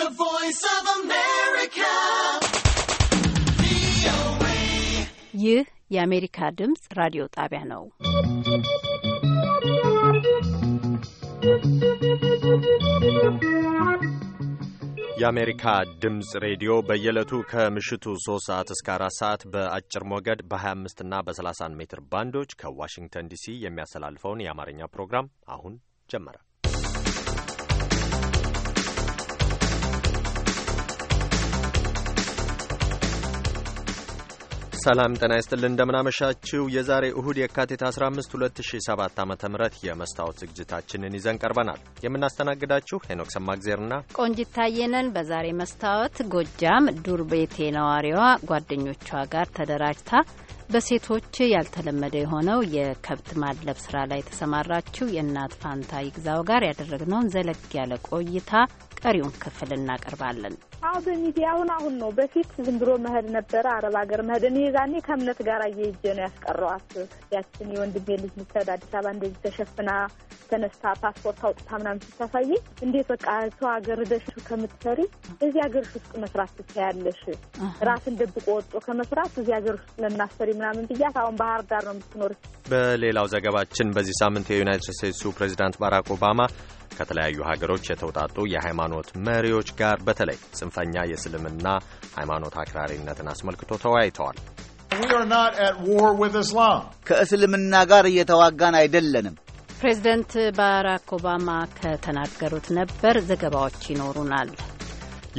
The Voice of America. ይህ የአሜሪካ ድምፅ ራዲዮ ጣቢያ ነው። የአሜሪካ ድምፅ ሬዲዮ በየዕለቱ ከምሽቱ 3 ሰዓት እስከ 4 ሰዓት በአጭር ሞገድ በ25 እና በ31 ሜትር ባንዶች ከዋሽንግተን ዲሲ የሚያስተላልፈውን የአማርኛ ፕሮግራም አሁን ጀመረ። ሰላም ጤና ይስጥልን እንደምናመሻችው የዛሬ እሁድ የካቲት 15 2007 ዓ ም የመስታወት ዝግጅታችንን ይዘን ቀርበናል። የምናስተናግዳችሁ ሄኖክ ሰማግዜርና ቆንጂት ታየነን። በዛሬ መስታወት ጎጃም ዱር ቤቴ ነዋሪዋ ጓደኞቿ ጋር ተደራጅታ በሴቶች ያልተለመደ የሆነው የከብት ማድለብ ስራ ላይ የተሰማራችው የእናት ፋንታ ይግዛው ጋር ያደረግነውን ዘለግ ያለ ቆይታ ቀሪውን ክፍል እናቀርባለን። አሁ በሚዲያ አሁን አሁን ነው። በፊት ዝም ብሎ መሄድ ነበረ፣ አረብ ሀገር መሄድ። እኔ ዛኔ ከእምነት ጋር እየሄጄ ነው ያስቀረዋት። ያችን የወንድሜ ልጅ ምትሄድ አዲስ አበባ እንደዚህ ተሸፍና ተነስታ ፓስፖርት አውጥታ ምናምን ስታሳይ እንዴት በቃ ሰው ሀገር ደሽ ከምትሰሪ እዚህ ሀገር ውስጥ መስራት ትታያለሽ ራስን ደብቆ ወጦ ከመስራት እዚህ ሀገር ውስጥ ለምናሰሪ ምናምን ብያት፣ አሁን ባህር ዳር ነው የምትኖር። በሌላው ዘገባችን በዚህ ሳምንት የዩናይትድ ስቴትሱ ፕሬዚዳንት ባራክ ኦባማ ከተለያዩ ሀገሮች የተውጣጡ የሃይማኖት መሪዎች ጋር በተለይ ጽንፈኛ የእስልምና ሃይማኖት አክራሪነትን አስመልክቶ ተወያይተዋል። ከእስልምና ጋር እየተዋጋን አይደለንም። ፕሬዚደንት ባራክ ኦባማ ከተናገሩት ነበር። ዘገባዎች ይኖሩናል።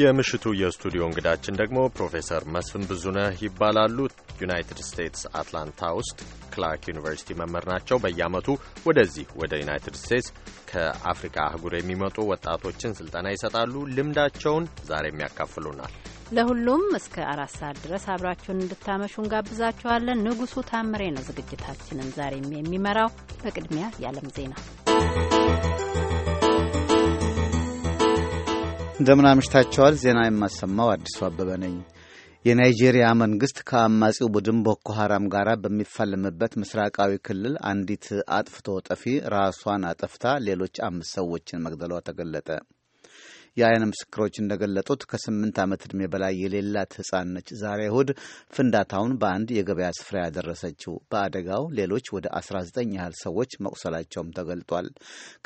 የምሽቱ የስቱዲዮ እንግዳችን ደግሞ ፕሮፌሰር መስፍን ብዙነህ ይባላሉ። ዩናይትድ ስቴትስ አትላንታ ውስጥ ክላርክ ዩኒቨርሲቲ መምህር ናቸው። በየዓመቱ ወደዚህ ወደ ዩናይትድ ስቴትስ ከአፍሪካ አህጉር የሚመጡ ወጣቶችን ስልጠና ይሰጣሉ። ልምዳቸውን ዛሬም ያካፍሉናል። ለሁሉም እስከ አራት ሰዓት ድረስ አብራችሁን እንድታመሹ እንጋብዛችኋለን። ንጉሱ ታምሬ ነው ዝግጅታችንን ዛሬም የሚመራው። በቅድሚያ የዓለም ዜና እንደምን አምሽታቸዋል። ዜና የማሰማው አዲሱ አበበ ነኝ። የናይጄሪያ መንግሥት ከአማጺው ቡድን ቦኮ ሐራም ጋር በሚፋለምበት ምስራቃዊ ክልል አንዲት አጥፍቶ ጠፊ ራሷን አጠፍታ ሌሎች አምስት ሰዎችን መግደሏ ተገለጠ። የአይን ምስክሮች እንደገለጡት ከስምንት ዓመት ዕድሜ በላይ የሌላት ሕፃን ነች ዛሬ እሁድ ፍንዳታውን በአንድ የገበያ ስፍራ ያደረሰችው። በአደጋው ሌሎች ወደ 19 ያህል ሰዎች መቁሰላቸውም ተገልጧል።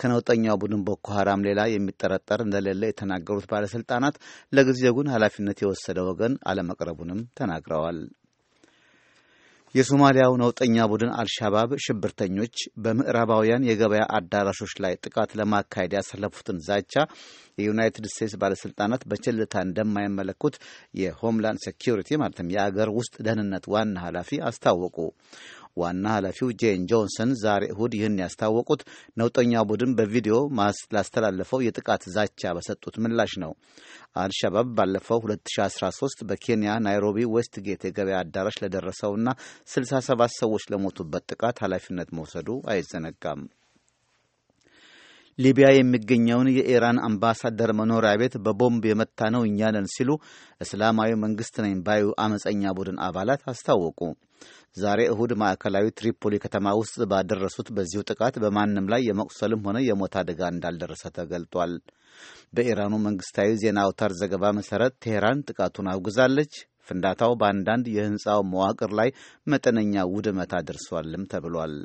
ከነውጠኛው ቡድን ቦኮ ሀራም ሌላ የሚጠረጠር እንደሌለ የተናገሩት ባለስልጣናት ለጊዜው ግን ኃላፊነት የወሰደ ወገን አለመቅረቡንም ተናግረዋል። የሶማሊያው ነውጠኛ ቡድን አልሻባብ ሽብርተኞች በምዕራባውያን የገበያ አዳራሾች ላይ ጥቃት ለማካሄድ ያሰለፉትን ዛቻ የዩናይትድ ስቴትስ ባለስልጣናት በችልታ እንደማይመለኩት የሆምላንድ ሴኪሪቲ ማለትም የአገር ውስጥ ደህንነት ዋና ኃላፊ አስታወቁ። ዋና ኃላፊው ጄን ጆንሰን ዛሬ እሁድ ይህን ያስታወቁት ነውጠኛ ቡድን በቪዲዮ ላስተላለፈው የጥቃት ዛቻ በሰጡት ምላሽ ነው። አልሻባብ ባለፈው 2013 በኬንያ ናይሮቢ ዌስትጌት የገበያ አዳራሽ ለደረሰውና 67 ሰዎች ለሞቱበት ጥቃት ኃላፊነት መውሰዱ አይዘነጋም። ሊቢያ የሚገኘውን የኢራን አምባሳደር መኖሪያ ቤት በቦምብ የመታ ነው እኛ ነን ሲሉ እስላማዊ መንግስት ነኝ ባዩ አመፀኛ ቡድን አባላት አስታወቁ። ዛሬ እሁድ ማዕከላዊ ትሪፖሊ ከተማ ውስጥ ባደረሱት በዚሁ ጥቃት በማንም ላይ የመቁሰልም ሆነ የሞት አደጋ እንዳልደረሰ ተገልጧል። በኢራኑ መንግስታዊ ዜና አውታር ዘገባ መሠረት ቴሄራን ጥቃቱን አውግዛለች። ፍንዳታው በአንዳንድ የህንፃው መዋቅር ላይ መጠነኛ ውድመት አድርሷልም ተብሏል።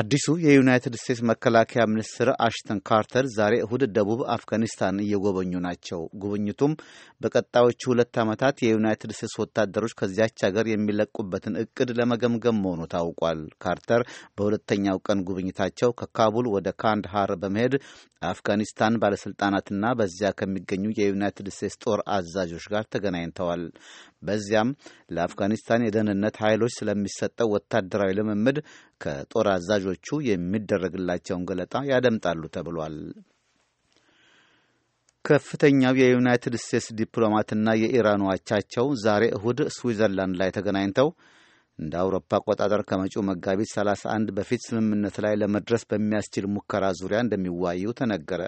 አዲሱ የዩናይትድ ስቴትስ መከላከያ ሚኒስትር አሽተን ካርተር ዛሬ እሁድ ደቡብ አፍጋኒስታን እየጎበኙ ናቸው። ጉብኝቱም በቀጣዮቹ ሁለት ዓመታት የዩናይትድ ስቴትስ ወታደሮች ከዚያች ሀገር የሚለቁበትን እቅድ ለመገምገም መሆኑ ታውቋል። ካርተር በሁለተኛው ቀን ጉብኝታቸው ከካቡል ወደ ካንድሃር በመሄድ አፍጋኒስታን ባለሥልጣናትና በዚያ ከሚገኙ የዩናይትድ ስቴትስ ጦር አዛዦች ጋር ተገናኝተዋል። በዚያም ለአፍጋኒስታን የደህንነት ኃይሎች ስለሚሰጠው ወታደራዊ ልምምድ ከጦር አዛዦቹ የሚደረግላቸውን ገለጣ ያደምጣሉ ተብሏል። ከፍተኛው የዩናይትድ ስቴትስ ዲፕሎማትና የኢራን አቻቸው ዛሬ እሁድ ስዊዘርላንድ ላይ ተገናኝተው እንደ አውሮፓ አቆጣጠር ከመጪው መጋቢት 31 በፊት ስምምነት ላይ ለመድረስ በሚያስችል ሙከራ ዙሪያ እንደሚዋዩ ተነገረ።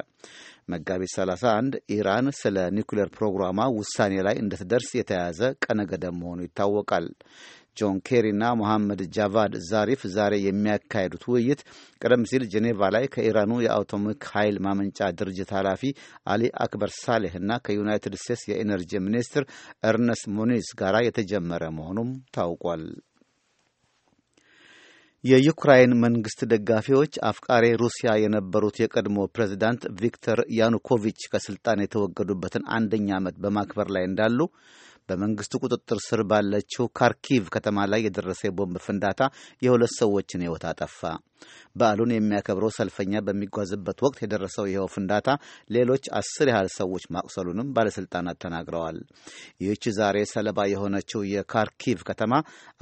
መጋቢት 31 ኢራን ስለ ኒውክሌር ፕሮግራሟ ውሳኔ ላይ እንድትደርስ የተያዘ ቀነ ገደብ መሆኑ ይታወቃል። ጆን ኬሪና ሞሐመድ ጃቫድ ዛሪፍ ዛሬ የሚያካሄዱት ውይይት ቀደም ሲል ጄኔቫ ላይ ከኢራኑ የአቶሚክ ኃይል ማመንጫ ድርጅት ኃላፊ አሊ አክበር ሳሌህ እና ከዩናይትድ ስቴትስ የኤነርጂ ሚኒስትር ኤርነስት ሞኒዝ ጋር የተጀመረ መሆኑም ታውቋል። የዩክራይን መንግስት ደጋፊዎች አፍቃሬ ሩሲያ የነበሩት የቀድሞ ፕሬዚዳንት ቪክተር ያኑኮቪች ከስልጣን የተወገዱበትን አንደኛ ዓመት በማክበር ላይ እንዳሉ በመንግስቱ ቁጥጥር ስር ባለችው ካርኪቭ ከተማ ላይ የደረሰ የቦምብ ፍንዳታ የሁለት ሰዎችን ሕይወት አጠፋ። በዓሉን የሚያከብረው ሰልፈኛ በሚጓዝበት ወቅት የደረሰው ይኸው ፍንዳታ ሌሎች አስር ያህል ሰዎች ማቁሰሉንም ባለሥልጣናት ተናግረዋል። ይህች ዛሬ ሰለባ የሆነችው የካርኪቭ ከተማ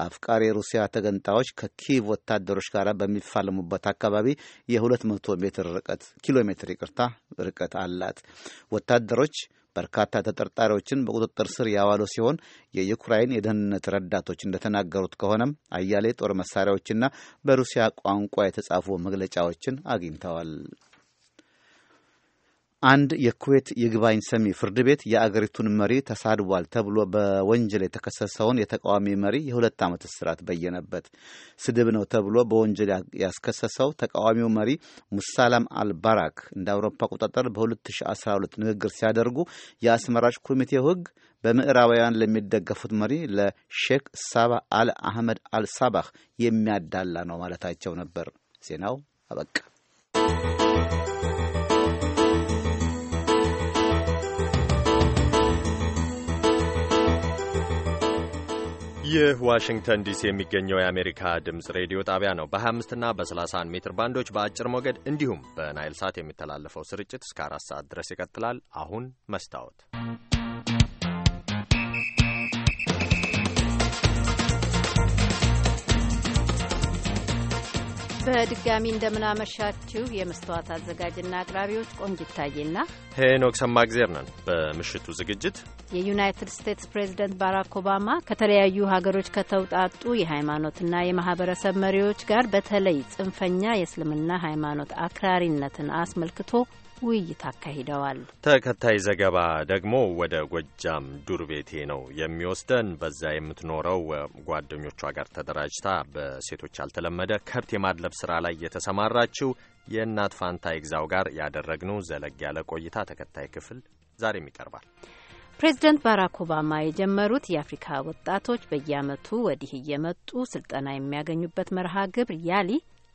አፍቃሪ የሩሲያ ተገንጣዮች ከኪቭ ወታደሮች ጋር በሚፋለሙበት አካባቢ የ200 ሜትር ርቀት ኪሎ ሜትር ይቅርታ ርቀት አላት። ወታደሮች በርካታ ተጠርጣሪዎችን በቁጥጥር ስር ያዋሉ ሲሆን የዩክራይን የደህንነት ረዳቶች እንደተናገሩት ከሆነም አያሌ ጦር መሳሪያዎችና በሩሲያ ቋንቋ የተጻፉ መግለጫዎችን አግኝተዋል። አንድ የኩዌት ይግባኝ ሰሚ ፍርድ ቤት የአገሪቱን መሪ ተሳድቧል ተብሎ በወንጀል የተከሰሰውን የተቃዋሚ መሪ የሁለት ዓመት እስራት በየነበት። ስድብ ነው ተብሎ በወንጀል ያስከሰሰው ተቃዋሚው መሪ ሙሳላም አልባራክ እንደ አውሮፓ አቆጣጠር በ2012 ንግግር ሲያደርጉ የአስመራጭ ኮሚቴው ሕግ በምዕራባውያን ለሚደገፉት መሪ ለሼክ ሳባ አል አህመድ አልሳባህ የሚያዳላ ነው ማለታቸው ነበር። ዜናው አበቃ። ይህ ዋሽንግተን ዲሲ የሚገኘው የአሜሪካ ድምፅ ሬዲዮ ጣቢያ ነው። በ25 እና በ31 ሜትር ባንዶች በአጭር ሞገድ እንዲሁም በናይል ሳት የሚተላለፈው ስርጭት እስከ አራት ሰዓት ድረስ ይቀጥላል። አሁን መስታወት በድጋሚ እንደምናመሻችው የመስተዋት አዘጋጅና አቅራቢዎች ቆንጅ ታዬና ሄኖክ ሰማእግዜር ነን። በምሽቱ ዝግጅት የዩናይትድ ስቴትስ ፕሬዝደንት ባራክ ኦባማ ከተለያዩ ሀገሮች ከተውጣጡ የሃይማኖትና የማህበረሰብ መሪዎች ጋር በተለይ ጽንፈኛ የእስልምና ሃይማኖት አክራሪነትን አስመልክቶ ውይይት አካሂደዋል። ተከታይ ዘገባ ደግሞ ወደ ጎጃም ዱር ቤቴ ነው የሚወስደን። በዛ የምትኖረው ጓደኞቿ ጋር ተደራጅታ በሴቶች ያልተለመደ ከብት የማድለብ ስራ ላይ የተሰማራችው የእናት ፋንታ ይግዛው ጋር ያደረግነው ዘለግ ያለ ቆይታ ተከታይ ክፍል ዛሬም ይቀርባል። ፕሬዚደንት ባራክ ኦባማ የጀመሩት የአፍሪካ ወጣቶች በየአመቱ ወዲህ እየመጡ ስልጠና የሚያገኙበት መርሃ ግብር ያሊ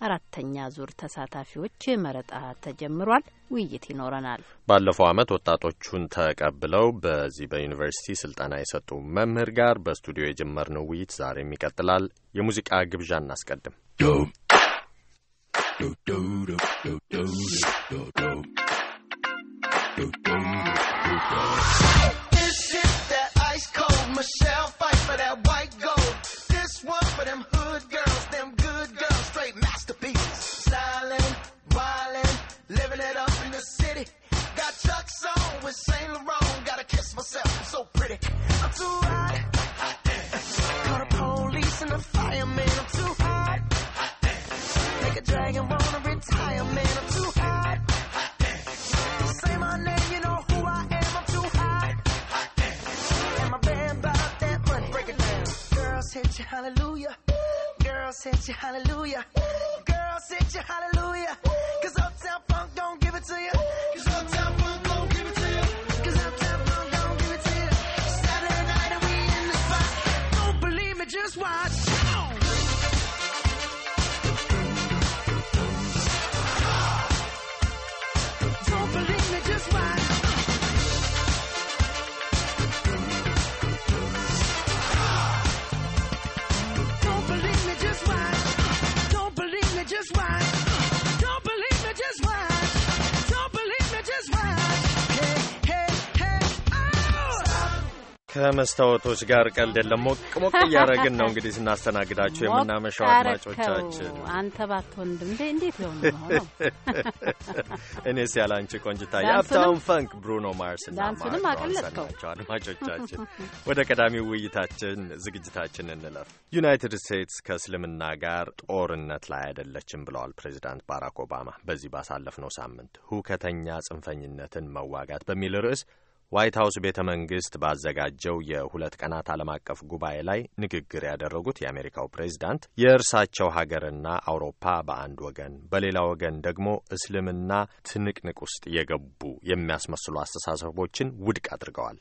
አራተኛ ዙር ተሳታፊዎች መረጣ ተጀምሯል። ውይይት ይኖረናል። ባለፈው ዓመት ወጣቶቹን ተቀብለው በዚህ በዩኒቨርሲቲ ስልጠና የሰጡ መምህር ጋር በስቱዲዮ የጀመርነው ውይይት ዛሬም ይቀጥላል። የሙዚቃ ግብዣ እናስቀድም። song with Saint Laurent. Gotta kiss myself, I'm so pretty. I'm too hot. hot Call the police and the fireman. I'm too hot. hot Make a dragon wanna retire, man. I'm too hot. hot Say my name, you know who I am. I'm too hot. hot and my band that money. Break it down. Girls hit you, hallelujah. girl. hit you, hallelujah. girl. hit you, hallelujah. Cause Uptown Funk don't give it to you. Cause uptown ከመስታወቶች ጋር ቀልድ ለሞቅ ሞቅ እያደረግን ነው እንግዲህ ስናስተናግዳችሁ የምናመሻው አድማጮቻችን። አንተ ባትሆን እንዴ እንዴት ሆነ ነው እኔስ አንቺ ቆንጅታዬ። ፈንክ ብሩኖ ማርስ ዳንሱንም አቀለጥከው። አድማጮቻችን ወደ ቀዳሚው ውይይታችን ዝግጅታችን እንለፍ። ዩናይትድ ስቴትስ ከእስልምና ጋር ጦርነት ላይ አይደለችም ብለዋል ፕሬዚዳንት ባራክ ኦባማ በዚህ ባሳለፍነው ሳምንት ሁከተኛ ጽንፈኝነትን መዋጋት በሚል ርዕስ ዋይት ሀውስ ቤተ መንግስት ባዘጋጀው የሁለት ቀናት ዓለም አቀፍ ጉባኤ ላይ ንግግር ያደረጉት የአሜሪካው ፕሬዝዳንት የእርሳቸው ሀገርና አውሮፓ በአንድ ወገን፣ በሌላ ወገን ደግሞ እስልምና ትንቅንቅ ውስጥ የገቡ የሚያስመስሉ አስተሳሰቦችን ውድቅ አድርገዋል።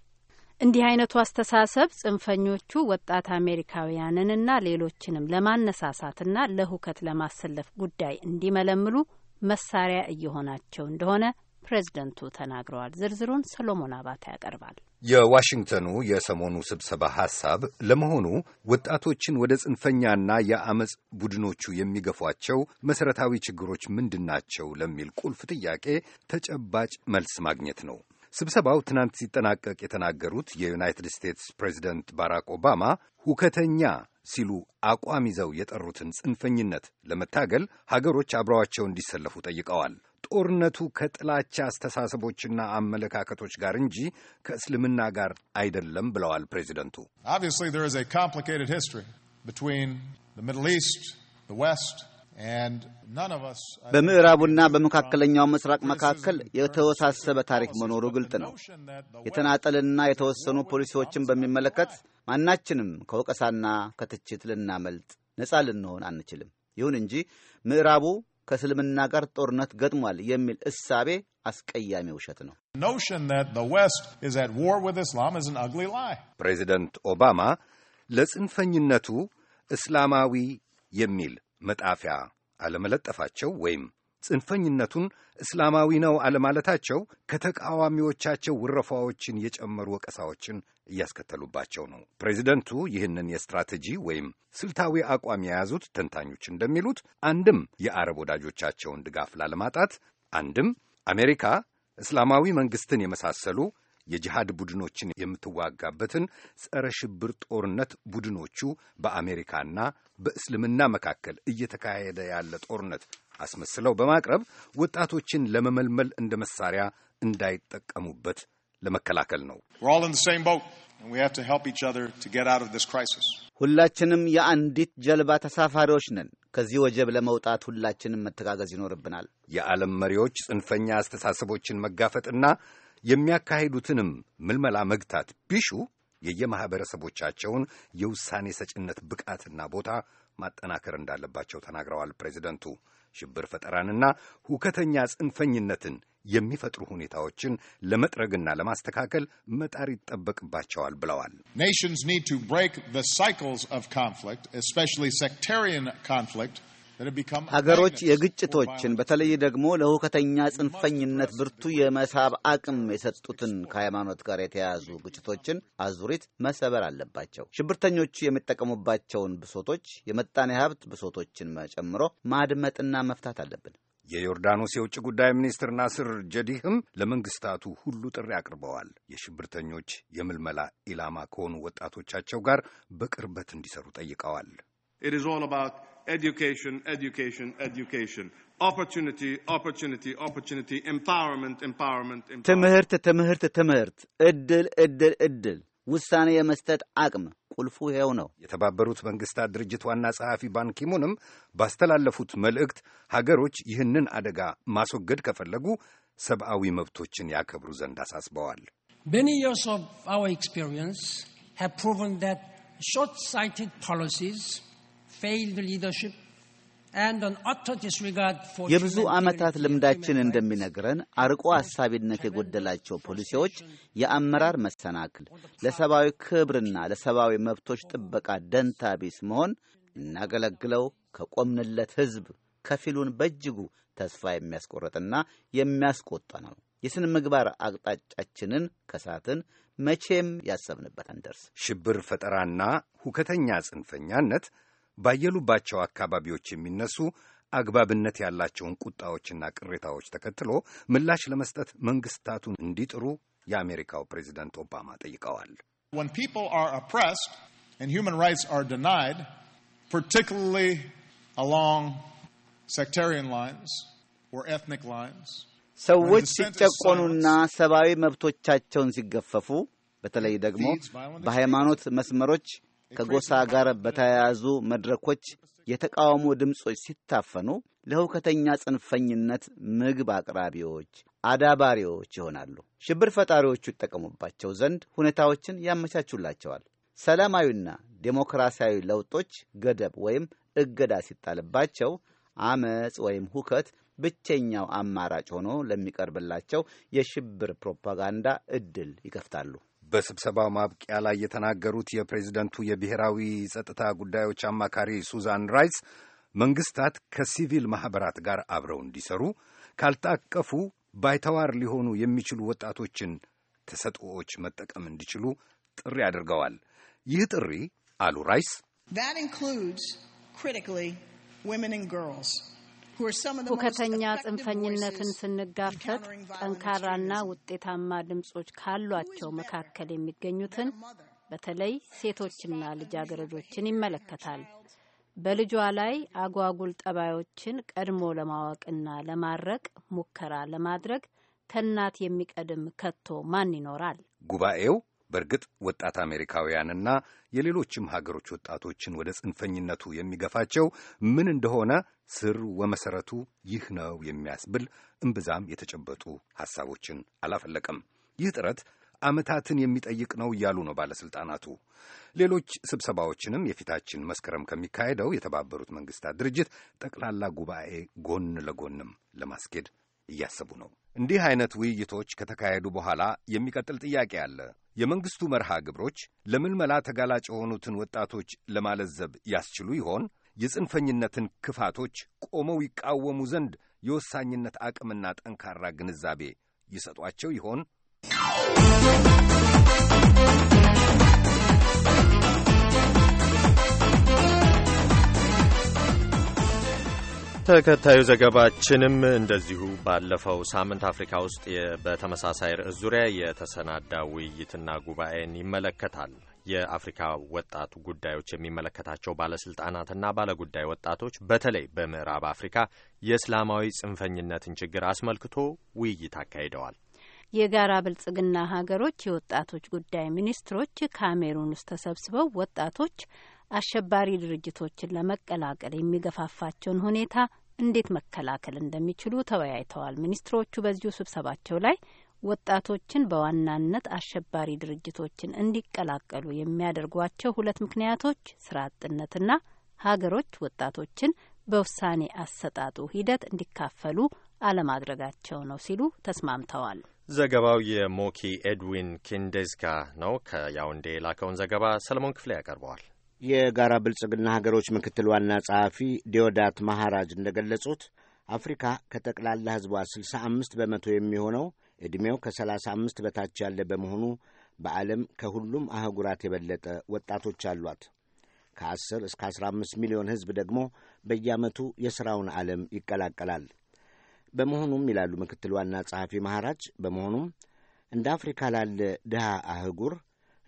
እንዲህ አይነቱ አስተሳሰብ ጽንፈኞቹ ወጣት አሜሪካውያንንና ሌሎችንም ለማነሳሳትና ለሁከት ለማሰለፍ ጉዳይ እንዲመለምሉ መሳሪያ እየሆናቸው እንደሆነ ፕሬዝደንቱ ተናግረዋል። ዝርዝሩን ሰሎሞን አባተ ያቀርባል። የዋሽንግተኑ የሰሞኑ ስብሰባ ሐሳብ ለመሆኑ ወጣቶችን ወደ ጽንፈኛና የአመፅ ቡድኖቹ የሚገፏቸው መሠረታዊ ችግሮች ምንድናቸው ለሚል ቁልፍ ጥያቄ ተጨባጭ መልስ ማግኘት ነው። ስብሰባው ትናንት ሲጠናቀቅ የተናገሩት የዩናይትድ ስቴትስ ፕሬዚደንት ባራክ ኦባማ ሁከተኛ ሲሉ አቋም ይዘው የጠሩትን ጽንፈኝነት ለመታገል ሀገሮች አብረዋቸው እንዲሰለፉ ጠይቀዋል። ጦርነቱ ከጥላቻ አስተሳሰቦችና አመለካከቶች ጋር እንጂ ከእስልምና ጋር አይደለም ብለዋል ፕሬዚደንቱ። በምዕራቡና በመካከለኛው ምስራቅ መካከል የተወሳሰበ ታሪክ መኖሩ ግልጥ ነው። የተናጠልና የተወሰኑ ፖሊሲዎችን በሚመለከት ማናችንም ከወቀሳና ከትችት ልናመልጥ ነፃ ልንሆን አንችልም። ይሁን እንጂ ምዕራቡ ከእስልምና ጋር ጦርነት ገጥሟል የሚል እሳቤ አስቀያሚ ውሸት ነው። ፕሬዚደንት ኦባማ ለጽንፈኝነቱ እስላማዊ የሚል መጣፊያ አለመለጠፋቸው ወይም ጽንፈኝነቱን እስላማዊ ነው አለማለታቸው ከተቃዋሚዎቻቸው ውረፋዎችን የጨመሩ ወቀሳዎችን እያስከተሉባቸው ነው። ፕሬዚደንቱ ይህንን የስትራቴጂ ወይም ስልታዊ አቋም የያዙት ተንታኞች እንደሚሉት አንድም የአረብ ወዳጆቻቸውን ድጋፍ ላለማጣት፣ አንድም አሜሪካ እስላማዊ መንግስትን የመሳሰሉ የጂሃድ ቡድኖችን የምትዋጋበትን ጸረ ሽብር ጦርነት ቡድኖቹ በአሜሪካና በእስልምና መካከል እየተካሄደ ያለ ጦርነት አስመስለው በማቅረብ ወጣቶችን ለመመልመል እንደ መሳሪያ እንዳይጠቀሙበት ለመከላከል ነው። ሁላችንም የአንዲት ጀልባ ተሳፋሪዎች ነን። ከዚህ ወጀብ ለመውጣት ሁላችንም መተጋገዝ ይኖርብናል። የዓለም መሪዎች ጽንፈኛ አስተሳሰቦችን መጋፈጥና የሚያካሂዱትንም ምልመላ መግታት ቢሹ የየማኅበረሰቦቻቸውን የውሳኔ ሰጭነት ብቃትና ቦታ ማጠናከር እንዳለባቸው ተናግረዋል። ፕሬዚደንቱ ሽብር ፈጠራንና ሁከተኛ ጽንፈኝነትን የሚፈጥሩ ሁኔታዎችን ለመጥረግና ለማስተካከል መጣር ይጠበቅባቸዋል ብለዋል። ሀገሮች የግጭቶችን በተለይ ደግሞ ለሁከተኛ ጽንፈኝነት ብርቱ የመሳብ አቅም የሰጡትን ከሃይማኖት ጋር የተያያዙ ግጭቶችን አዙሪት መሰበር አለባቸው። ሽብርተኞቹ የሚጠቀሙባቸውን ብሶቶች፣ የመጣኔ ሀብት ብሶቶችን ጨምሮ ማድመጥና መፍታት አለብን። የዮርዳኖስ የውጭ ጉዳይ ሚኒስትር ናስር ጀዲህም ለመንግስታቱ ሁሉ ጥሪ አቅርበዋል። የሽብርተኞች የምልመላ ኢላማ ከሆኑ ወጣቶቻቸው ጋር በቅርበት እንዲሰሩ ጠይቀዋል። ትምህርት፣ ትምህርት፣ ትምህርት፣ እድል፣ እድል፣ እድል ውሳኔ የመስጠት አቅም ቁልፉ ይኸው ነው። የተባበሩት መንግስታት ድርጅት ዋና ጸሐፊ ባንኪሙንም ባስተላለፉት መልእክት ሀገሮች ይህንን አደጋ ማስወገድ ከፈለጉ ሰብአዊ መብቶችን ያከብሩ ዘንድ አሳስበዋል። Many years of our experience have proven that short-sighted policies, failed leadership የብዙ ዓመታት ልምዳችን እንደሚነግረን አርቆ አሳቢነት የጎደላቸው ፖሊሲዎች የአመራር መሰናክል፣ ለሰብአዊ ክብርና ለሰብአዊ መብቶች ጥበቃ ደንታ ቢስ መሆን እናገለግለው ከቆምንለት ሕዝብ ከፊሉን በእጅጉ ተስፋ የሚያስቆርጥና የሚያስቆጣ ነው። የስነ ምግባር አቅጣጫችንን ከሳትን መቼም ያሰብንበት አንደርስ። ሽብር ፈጠራና ሁከተኛ ጽንፈኛነት ባየሉባቸው አካባቢዎች የሚነሱ አግባብነት ያላቸውን ቁጣዎችና ቅሬታዎች ተከትሎ ምላሽ ለመስጠት መንግስታቱን እንዲጥሩ የአሜሪካው ፕሬዚደንት ኦባማ ጠይቀዋል። ሰዎች ሲጨቆኑና ሰብአዊ መብቶቻቸውን ሲገፈፉ በተለይ ደግሞ በሃይማኖት መስመሮች ከጎሳ ጋር በተያያዙ መድረኮች የተቃውሞ ድምፆች ሲታፈኑ ለሁከተኛ ጽንፈኝነት ምግብ አቅራቢዎች፣ አዳባሪዎች ይሆናሉ። ሽብር ፈጣሪዎቹ ይጠቀሙባቸው ዘንድ ሁኔታዎችን ያመቻቹላቸዋል። ሰላማዊና ዴሞክራሲያዊ ለውጦች ገደብ ወይም እገዳ ሲጣልባቸው አመፅ ወይም ሁከት ብቸኛው አማራጭ ሆኖ ለሚቀርብላቸው የሽብር ፕሮፓጋንዳ ዕድል ይከፍታሉ። በስብሰባው ማብቂያ ላይ የተናገሩት የፕሬዚደንቱ የብሔራዊ ጸጥታ ጉዳዮች አማካሪ ሱዛን ራይስ መንግስታት ከሲቪል ማኅበራት ጋር አብረው እንዲሰሩ ካልታቀፉ ባይተዋር ሊሆኑ የሚችሉ ወጣቶችን ተሰጥኦዎች መጠቀም እንዲችሉ ጥሪ አድርገዋል። ይህ ጥሪ አሉ ራይስ ሁከተኛ ጽንፈኝነትን ስንጋፈጥ ጠንካራና ውጤታማ ድምጾች ካሏቸው መካከል የሚገኙትን በተለይ ሴቶችና ልጃገረዶችን ይመለከታል። በልጇ ላይ አጓጉል ጠባዮችን ቀድሞ ለማወቅና ለማድረቅ ሙከራ ለማድረግ ከእናት የሚቀድም ከቶ ማን ይኖራል? ጉባኤው በእርግጥ ወጣት አሜሪካውያንና የሌሎችም ሀገሮች ወጣቶችን ወደ ጽንፈኝነቱ የሚገፋቸው ምን እንደሆነ ስር ወመሰረቱ ይህ ነው የሚያስብል እምብዛም የተጨበጡ ሐሳቦችን አላፈለቀም። ይህ ጥረት ዓመታትን የሚጠይቅ ነው እያሉ ነው ባለሥልጣናቱ። ሌሎች ስብሰባዎችንም የፊታችን መስከረም ከሚካሄደው የተባበሩት መንግሥታት ድርጅት ጠቅላላ ጉባኤ ጎን ለጎንም ለማስኬድ እያሰቡ ነው። እንዲህ አይነት ውይይቶች ከተካሄዱ በኋላ የሚቀጥል ጥያቄ አለ። የመንግሥቱ መርሃ ግብሮች ለምልመላ ተጋላጭ የሆኑትን ወጣቶች ለማለዘብ ያስችሉ ይሆን? የጽንፈኝነትን ክፋቶች ቆመው ይቃወሙ ዘንድ የወሳኝነት አቅምና ጠንካራ ግንዛቤ ይሰጧቸው ይሆን? ተከታዩ ዘገባችንም እንደዚሁ ባለፈው ሳምንት አፍሪካ ውስጥ በተመሳሳይ ርዕስ ዙሪያ የተሰናዳ ውይይትና ጉባኤን ይመለከታል። የአፍሪካ ወጣት ጉዳዮች የሚመለከታቸው ባለስልጣናትና ባለጉዳይ ወጣቶች በተለይ በምዕራብ አፍሪካ የእስላማዊ ጽንፈኝነትን ችግር አስመልክቶ ውይይት አካሂደዋል። የጋራ ብልጽግና ሀገሮች የወጣቶች ጉዳይ ሚኒስትሮች ካሜሩን ውስጥ ተሰብስበው ወጣቶች አሸባሪ ድርጅቶችን ለመቀላቀል የሚገፋፋቸውን ሁኔታ እንዴት መከላከል እንደሚችሉ ተወያይተዋል። ሚኒስትሮቹ በዚሁ ስብሰባቸው ላይ ወጣቶችን በዋናነት አሸባሪ ድርጅቶችን እንዲቀላቀሉ የሚያደርጓቸው ሁለት ምክንያቶች ስራ አጥነትና ሀገሮች ወጣቶችን በውሳኔ አሰጣጡ ሂደት እንዲካፈሉ አለማድረጋቸው ነው ሲሉ ተስማምተዋል። ዘገባው የሞኪ ኤድዊን ኪንዴዝካ ነው። ከያውንዴ የላከውን ዘገባ ሰለሞን ክፍሌ ያቀርበዋል። የጋራ ብልጽግና ሀገሮች ምክትል ዋና ጸሐፊ ዲዮዳት ማሃራጅ እንደገለጹት አፍሪካ ከጠቅላላ ሕዝቧ 65 በመቶ የሚሆነው ዕድሜው ከ35 በታች ያለ በመሆኑ በዓለም ከሁሉም አህጉራት የበለጠ ወጣቶች አሏት። ከ10 እስከ 15 ሚሊዮን ሕዝብ ደግሞ በየዓመቱ የሥራውን ዓለም ይቀላቀላል። በመሆኑም ይላሉ ምክትል ዋና ጸሐፊ ማሃራጅ፣ በመሆኑም እንደ አፍሪካ ላለ ድሃ አህጉር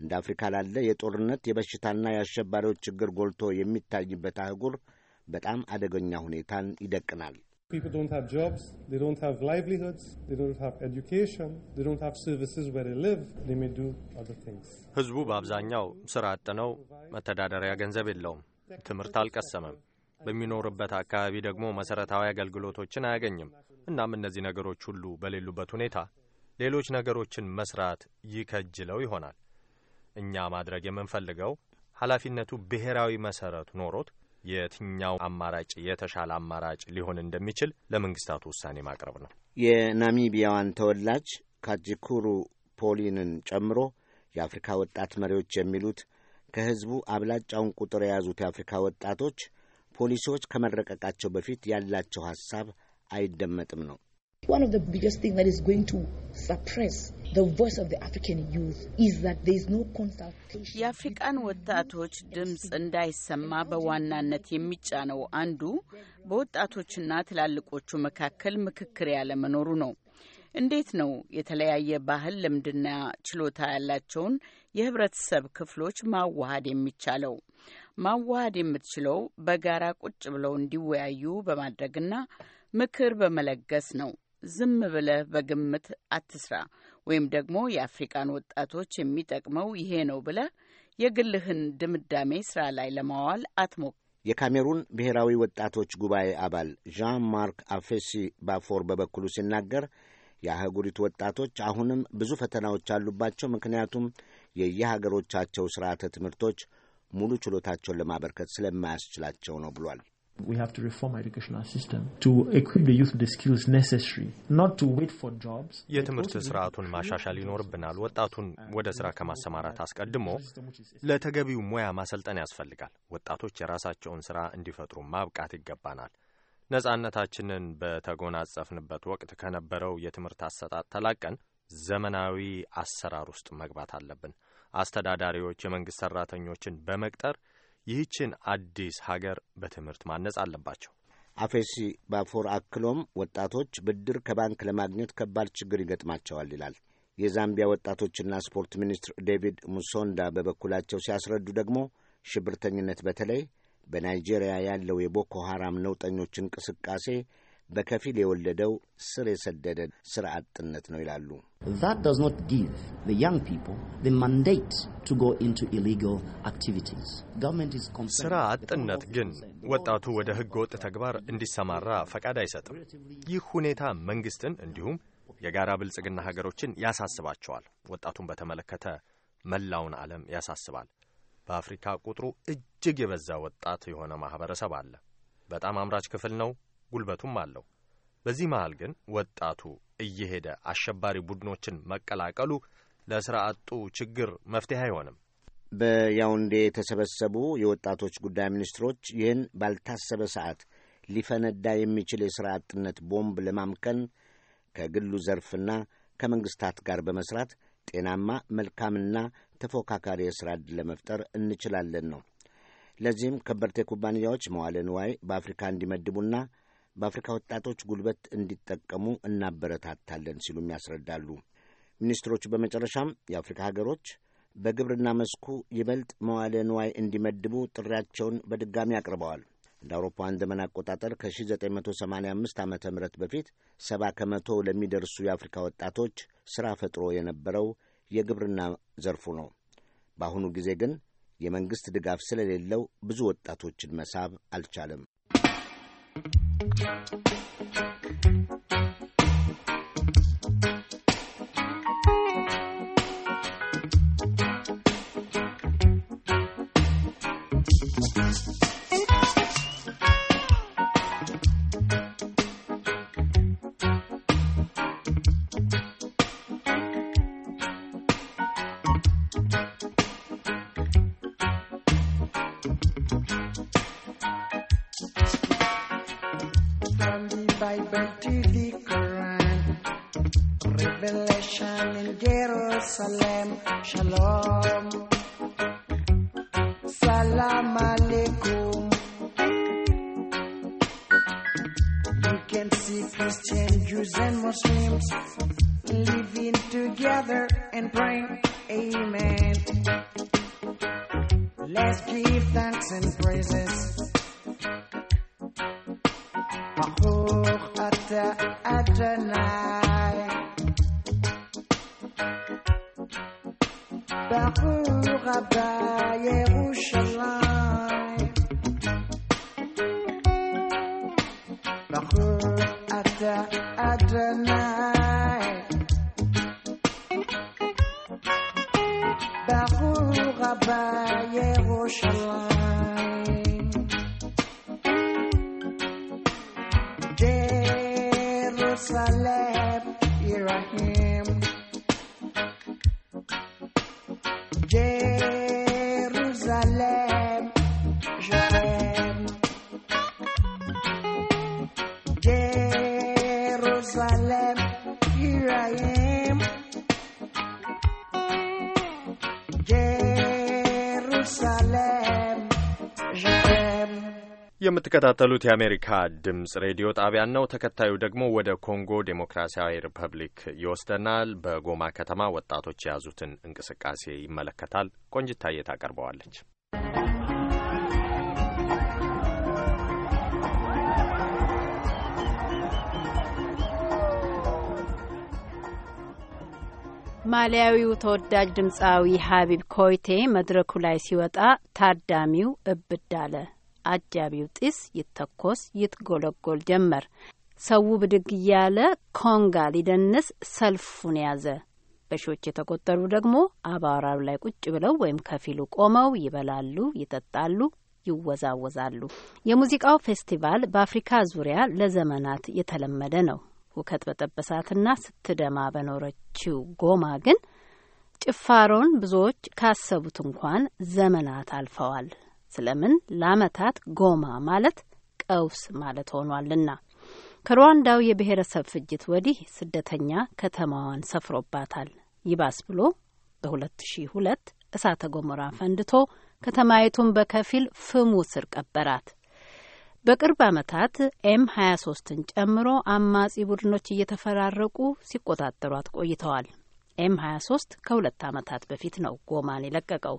እንደ አፍሪካ ላለ የጦርነት የበሽታና የአሸባሪዎች ችግር ጎልቶ የሚታይበት አህጉር በጣም አደገኛ ሁኔታን ይደቅናል። ህዝቡ በአብዛኛው ስራ አጥ ነው። መተዳደሪያ ገንዘብ የለውም። ትምህርት አልቀሰመም። በሚኖርበት አካባቢ ደግሞ መሰረታዊ አገልግሎቶችን አያገኝም። እናም እነዚህ ነገሮች ሁሉ በሌሉበት ሁኔታ ሌሎች ነገሮችን መስራት ይከጅለው ይሆናል። እኛ ማድረግ የምንፈልገው ኃላፊነቱ ብሔራዊ መሰረት ኖሮት የትኛው አማራጭ የተሻለ አማራጭ ሊሆን እንደሚችል ለመንግስታቱ ውሳኔ ማቅረብ ነው። የናሚቢያዋን ተወላጅ ካጂኩሩ ፖሊንን ጨምሮ የአፍሪካ ወጣት መሪዎች የሚሉት ከህዝቡ አብላጫውን ቁጥር የያዙት የአፍሪካ ወጣቶች ፖሊሲዎች ከመረቀቃቸው በፊት ያላቸው ሐሳብ አይደመጥም ነው። One of the biggest things that is going to suppress the voice of the African youth is that there is no consultation. የአፍሪቃን ወጣቶች ድምፅ እንዳይሰማ በዋናነት የሚጫነው አንዱ በወጣቶችና ትላልቆቹ መካከል ምክክር ያለመኖሩ ነው። እንዴት ነው የተለያየ ባህል ልምድና ችሎታ ያላቸውን የህብረተሰብ ክፍሎች ማዋሃድ የሚቻለው? ማዋሃድ የምትችለው በጋራ ቁጭ ብለው እንዲወያዩ በማድረግና ምክር በመለገስ ነው። ዝም ብለህ በግምት አትስራ ወይም ደግሞ የአፍሪቃን ወጣቶች የሚጠቅመው ይሄ ነው ብለህ የግልህን ድምዳሜ ስራ ላይ ለማዋል አትሞ የካሜሩን ብሔራዊ ወጣቶች ጉባኤ አባል ዣን ማርክ አፌሲ ባፎር በበኩሉ ሲናገር የአህጉሪቱ ወጣቶች አሁንም ብዙ ፈተናዎች አሉባቸው፣ ምክንያቱም የየሀገሮቻቸው ስርዓተ ትምህርቶች ሙሉ ችሎታቸውን ለማበርከት ስለማያስችላቸው ነው ብሏል። We have to reform our educational system to equip the youth with the skills necessary, not to wait for jobs. የትምህርት ስርዓቱን ማሻሻል ይኖርብናል። ወጣቱን ወደ ስራ ከማሰማራት አስቀድሞ ለተገቢው ሙያ ማሰልጠን ያስፈልጋል። ወጣቶች የራሳቸውን ስራ እንዲፈጥሩ ማብቃት ይገባናል። ነጻነታችንን በተጎናጸፍንበት ወቅት ከነበረው የትምህርት አሰጣጥ ተላቀን ዘመናዊ አሰራር ውስጥ መግባት አለብን። አስተዳዳሪዎች የመንግስት ሰራተኞችን በመቅጠር ይህችን አዲስ ሀገር በትምህርት ማነጽ አለባቸው። አፌሲ ባፎር አክሎም ወጣቶች ብድር ከባንክ ለማግኘት ከባድ ችግር ይገጥማቸዋል ይላል። የዛምቢያ ወጣቶችና ስፖርት ሚኒስትር ዴቪድ ሙሶንዳ በበኩላቸው ሲያስረዱ ደግሞ ሽብርተኝነት በተለይ በናይጄሪያ ያለው የቦኮ ሐራም ነውጠኞች እንቅስቃሴ በከፊል የወለደው ስር የሰደደ ስራ አጥነት ነው ይላሉ። That does not give the young people the mandate to go into illegal activities. Government is concerned. ስራ አጥነት ግን ወጣቱ ወደ ሕገ ወጥ ተግባር እንዲሰማራ ፈቃድ አይሰጥም። ይህ ሁኔታ መንግስትን እንዲሁም የጋራ ብልጽግና ሀገሮችን ያሳስባቸዋል። ወጣቱን በተመለከተ መላውን ዓለም ያሳስባል። በአፍሪካ ቁጥሩ እጅግ የበዛ ወጣት የሆነ ማህበረሰብ አለ። በጣም አምራች ክፍል ነው፣ ጉልበቱም አለው። በዚህ መሃል ግን ወጣቱ እየሄደ አሸባሪ ቡድኖችን መቀላቀሉ ለስራ አጡ ችግር መፍትሄ አይሆንም። በያውንዴ የተሰበሰቡ የወጣቶች ጉዳይ ሚኒስትሮች ይህን ባልታሰበ ሰዓት ሊፈነዳ የሚችል የሥራ አጥነት ቦምብ ለማምከን ከግሉ ዘርፍና ከመንግሥታት ጋር በመሥራት ጤናማ መልካምና ተፎካካሪ የሥራ ዕድል ለመፍጠር እንችላለን ነው። ለዚህም ከበርቴ ኩባንያዎች መዋለ ንዋይ በአፍሪካ እንዲመድቡና በአፍሪካ ወጣቶች ጉልበት እንዲጠቀሙ እናበረታታለን ሲሉም ያስረዳሉ። ሚኒስትሮቹ በመጨረሻም የአፍሪካ ሀገሮች በግብርና መስኩ ይበልጥ መዋለ ንዋይ እንዲመድቡ ጥሪያቸውን በድጋሚ አቅርበዋል። እንደ አውሮፓውያን ዘመን አቆጣጠር ከ1985 ዓ ም በፊት ሰባ ከመቶ ለሚደርሱ የአፍሪካ ወጣቶች ሥራ ፈጥሮ የነበረው የግብርና ዘርፉ ነው። በአሁኑ ጊዜ ግን የመንግሥት ድጋፍ ስለሌለው ብዙ ወጣቶችን መሳብ አልቻለም። Thank you. shalom. የምትከታተሉት የአሜሪካ ድምፅ ሬዲዮ ጣቢያን ነው። ተከታዩ ደግሞ ወደ ኮንጎ ዴሞክራሲያዊ ሪፐብሊክ ይወስደናል። በጎማ ከተማ ወጣቶች የያዙትን እንቅስቃሴ ይመለከታል። ቆንጅታየ ታቀርበዋለች። ማሊያዊው ተወዳጅ ድምፃዊ ሀቢብ ኮይቴ መድረኩ ላይ ሲወጣ ታዳሚው እብድ አለ። አጃቢው ጢስ ይተኮስ ይትጎለጎል ጀመር። ሰው ብድግ እያለ ኮንጋ ሊደንስ ሰልፉን ያዘ። በሺዎች የተቆጠሩ ደግሞ አባራሩ ላይ ቁጭ ብለው ወይም ከፊሉ ቆመው ይበላሉ፣ ይጠጣሉ፣ ይወዛወዛሉ። የሙዚቃው ፌስቲቫል በአፍሪካ ዙሪያ ለዘመናት የተለመደ ነው። ሁከት በጠበሳትና ስትደማ በኖረችው ጎማ ግን ጭፋሮን ብዙዎች ካሰቡት እንኳን ዘመናት አልፈዋል። ስለምን ለአመታት ጎማ ማለት ቀውስ ማለት ሆኗልና። ከሩዋንዳው የብሔረሰብ ፍጅት ወዲህ ስደተኛ ከተማዋን ሰፍሮባታል። ይባስ ብሎ በ2002 እሳተ ገሞራ ፈንድቶ ከተማይቱን በከፊል ፍሙ ስር ቀበራት። በቅርብ ዓመታት ኤም 23ን ጨምሮ አማጺ ቡድኖች እየተፈራረቁ ሲቆጣጠሯት ቆይተዋል። ኤም 23 ከሁለት ዓመታት በፊት ነው ጎማን የለቀቀው።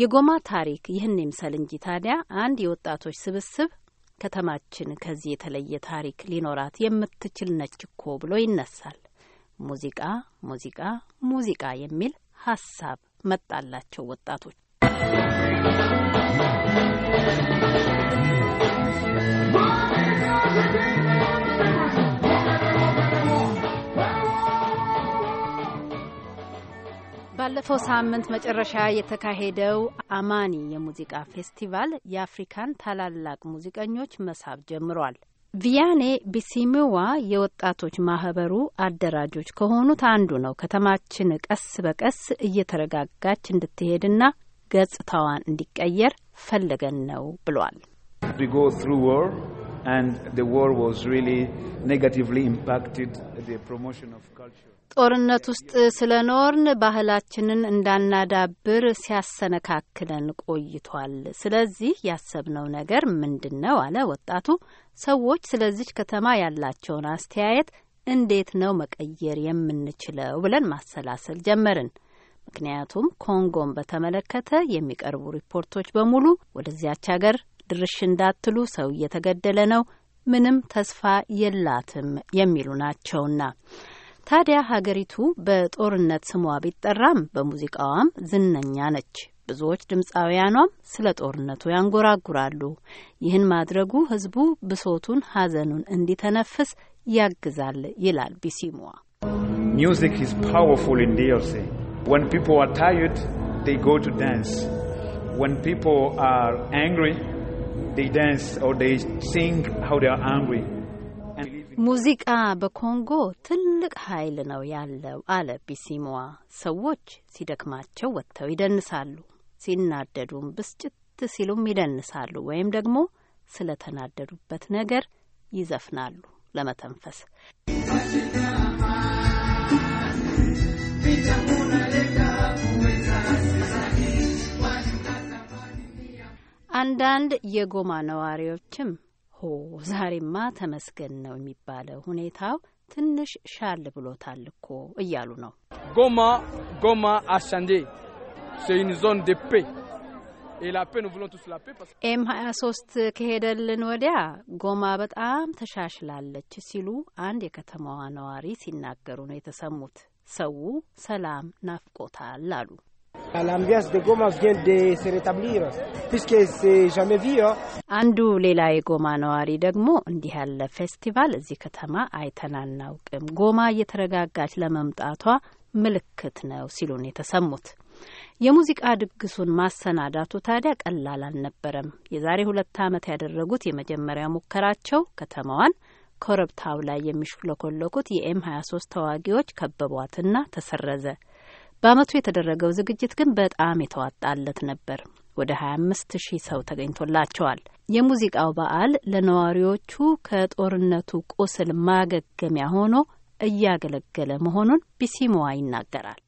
የጎማ ታሪክ ይህን ይምሰል እንጂ ታዲያ አንድ የወጣቶች ስብስብ ከተማችን ከዚህ የተለየ ታሪክ ሊኖራት የምትችል ነች እኮ ብሎ ይነሳል። ሙዚቃ ሙዚቃ ሙዚቃ የሚል ሀሳብ መጣላቸው ወጣቶች። ባለፈው ሳምንት መጨረሻ የተካሄደው አማኒ የሙዚቃ ፌስቲቫል የአፍሪካን ታላላቅ ሙዚቀኞች መሳብ ጀምሯል። ቪያኔ ቢሲሚዋ የወጣቶች ማህበሩ አደራጆች ከሆኑት አንዱ ነው። ከተማችን ቀስ በቀስ እየተረጋጋች እንድትሄድና ገጽታዋን እንዲቀየር ፈለገን ነው ብሏል። ጦርነት ውስጥ ስለኖርን ባህላችንን እንዳናዳብር ሲያሰነካክለን ቆይቷል። ስለዚህ ያሰብነው ነገር ምንድን ነው? አለ ወጣቱ። ሰዎች ስለዚች ከተማ ያላቸውን አስተያየት እንዴት ነው መቀየር የምንችለው ብለን ማሰላሰል ጀመርን። ምክንያቱም ኮንጎን በተመለከተ የሚቀርቡ ሪፖርቶች በሙሉ ወደዚያች ሀገር ድርሽ እንዳትሉ፣ ሰው እየተገደለ ነው፣ ምንም ተስፋ የላትም የሚሉ ናቸውና ታዲያ ሀገሪቱ በጦርነት ስሟ ቢጠራም በሙዚቃዋም ዝነኛ ነች። ብዙዎች ድምፃውያኗም ስለ ጦርነቱ ያንጎራጉራሉ። ይህን ማድረጉ ህዝቡ ብሶቱን፣ ሀዘኑን እንዲተነፍስ ያግዛል ይላል ቢሲሙዋ። ሚውዚክ ኢዝ ፓወርፉል ዳንስ ወን ፒፖል አር አንግሪ ሙዚቃ በኮንጎ ትልቅ ኃይል ነው ያለው አለ ቢሲሞዋ። ሰዎች ሲደክማቸው ወጥተው ይደንሳሉ፣ ሲናደዱም ብስጭት ሲሉም ይደንሳሉ፣ ወይም ደግሞ ስለተናደዱበት ነገር ይዘፍናሉ ለመተንፈስ አንዳንድ የጎማ ነዋሪዎችም ዛሬማ ተመስገን ነው የሚባለው ሁኔታው ትንሽ ሻል ብሎታል እኮ እያሉ ነው። ጎማ ጎማ አሻንዴ ሴን ዞን ደፔ ኤም 23 ከሄደልን ወዲያ ጎማ በጣም ተሻሽላለች ሲሉ አንድ የከተማዋ ነዋሪ ሲናገሩ ነው የተሰሙት። ሰው ሰላም ናፍቆታል አሉ። l'ambiance de Goma vient de se አንዱ ሌላ የጎማ ነዋሪ ደግሞ እንዲህ ያለ ፌስቲቫል እዚህ ከተማ አይተናናውቅም፣ ጎማ እየተረጋጋች ለመምጣቷ ምልክት ነው ሲሉን የተሰሙት። የሙዚቃ ድግሱን ማሰናዳቱ ታዲያ ቀላል አልነበረም። የዛሬ ሁለት ዓመት ያደረጉት የመጀመሪያ ሙከራቸው ከተማዋን ኮረብታው ላይ የሚሽለኮለኩት የኤም 23 ተዋጊዎች ከበቧትና ተሰረዘ። በአመቱ የተደረገው ዝግጅት ግን በጣም የተዋጣለት ነበር። ወደ 25 ሺህ ሰው ተገኝቶላቸዋል። የሙዚቃው በዓል ለነዋሪዎቹ ከጦርነቱ ቁስል ማገገሚያ ሆኖ እያገለገለ መሆኑን ቢሲሞዋ ይናገራል።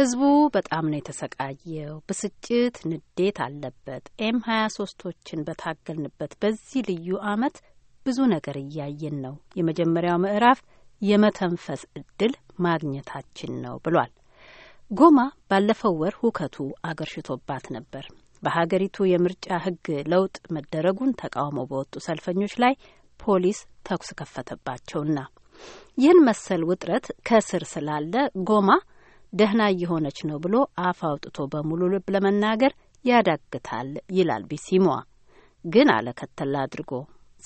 ህዝቡ በጣም ነው የተሰቃየው። ብስጭት፣ ንዴት አለበት። ኤም 23ቶችን በታገልንበት በዚህ ልዩ አመት ብዙ ነገር እያየን ነው። የመጀመሪያው ምዕራፍ የመተንፈስ እድል ማግኘታችን ነው ብሏል። ጎማ ባለፈው ወር ሁከቱ አገርሽቶባት ነበር። በሀገሪቱ የምርጫ ሕግ ለውጥ መደረጉን ተቃውሞ በወጡ ሰልፈኞች ላይ ፖሊስ ተኩስ ከፈተባቸውና ይህን መሰል ውጥረት ከስር ስላለ ጎማ ደህና እየሆነች ነው ብሎ አፍ አውጥቶ በሙሉ ልብ ለመናገር ያዳግታል ይላል ቢሲሞዋ። ግን አለከተል አድርጎ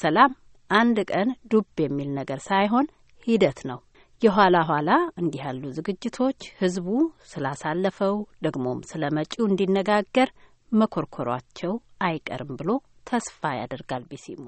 ሰላም አንድ ቀን ዱብ የሚል ነገር ሳይሆን ሂደት ነው። የኋላ ኋላ እንዲህ ያሉ ዝግጅቶች ህዝቡ ስላሳለፈው ደግሞም ስለ መጪው እንዲነጋገር መኮርኮሯቸው አይቀርም ብሎ ተስፋ ያደርጋል ቢሲሟ።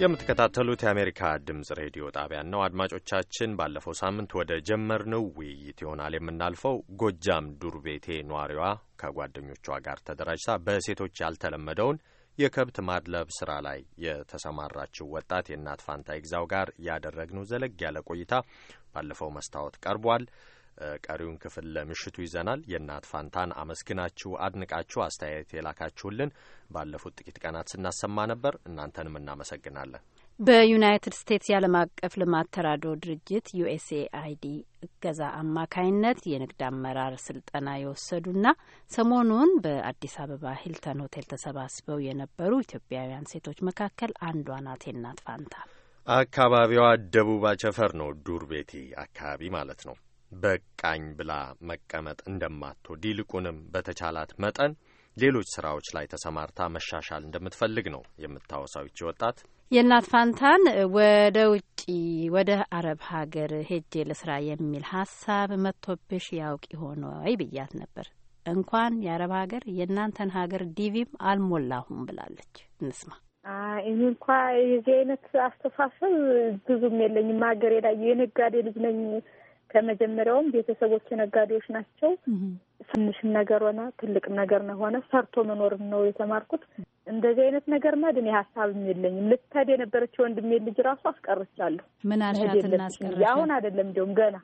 የምትከታተሉት የአሜሪካ ድምፅ ሬዲዮ ጣቢያን ነው። አድማጮቻችን፣ ባለፈው ሳምንት ወደ ጀመርነው ውይይት ይሆናል የምናልፈው። ጎጃም ዱር ቤቴ ነዋሪዋ ከጓደኞቿ ጋር ተደራጅታ በሴቶች ያልተለመደውን የከብት ማድለብ ስራ ላይ የተሰማራችው ወጣት የእናት ፋንታ ይግዛው ጋር ያደረግነው ዘለግ ያለ ቆይታ ባለፈው መስታወት ቀርቧል። ቀሪውን ክፍል ለምሽቱ ይዘናል። የእናት ፋንታን አመስግናችሁ አድንቃችሁ አስተያየት የላካችሁልን ባለፉት ጥቂት ቀናት ስናሰማ ነበር። እናንተንም እናመሰግናለን። በዩናይትድ ስቴትስ የዓለም አቀፍ ልማት ተራድኦ ድርጅት አይዲ እገዛ አማካይነት የንግድ አመራር ስልጠና የወሰዱና ሰሞኑን በአዲስ አበባ ሂልተን ሆቴል ተሰባስበው የነበሩ ኢትዮጵያውያን ሴቶች መካከል አንዷ ናት የእናት ፋንታ። አካባቢዋ ደቡብ አቸፈር ነው፣ ዱር ቤቴ አካባቢ ማለት ነው። በቃኝ ብላ መቀመጥ እንደማትወድ ይልቁንም በተቻላት መጠን ሌሎች ስራዎች ላይ ተሰማርታ መሻሻል እንደምትፈልግ ነው የምታወሳው ይቺ ወጣት። የእናት ፋንታን ወደ ውጪ ወደ አረብ ሀገር ሄጄ ለስራ የሚል ሀሳብ መጥቶብሽ ያውቅ ይሆን ወይ ብያት ነበር። እንኳን የአረብ ሀገር የእናንተን ሀገር ዲቪም አልሞላሁም ብላለች። እንስማ። እኔ እንኳ የዚህ አይነት አስተሳሰብ ብዙም የለኝም። ሀገር ላይ የነጋዴ ልጅ ነኝ ከመጀመሪያውም ቤተሰቦች ነጋዴዎች ናቸው። ትንሽም ነገር ሆነ ትልቅም ነገር ሆነ ሰርቶ መኖር ነው የተማርኩት። እንደዚህ አይነት ነገር ማድን ሀሳብም የለኝም። ልታድ የነበረች ወንድሜ ልጅ ራሱ አስቀርቻለሁ። ምን አሁን አይደለም እንዲሁም ገና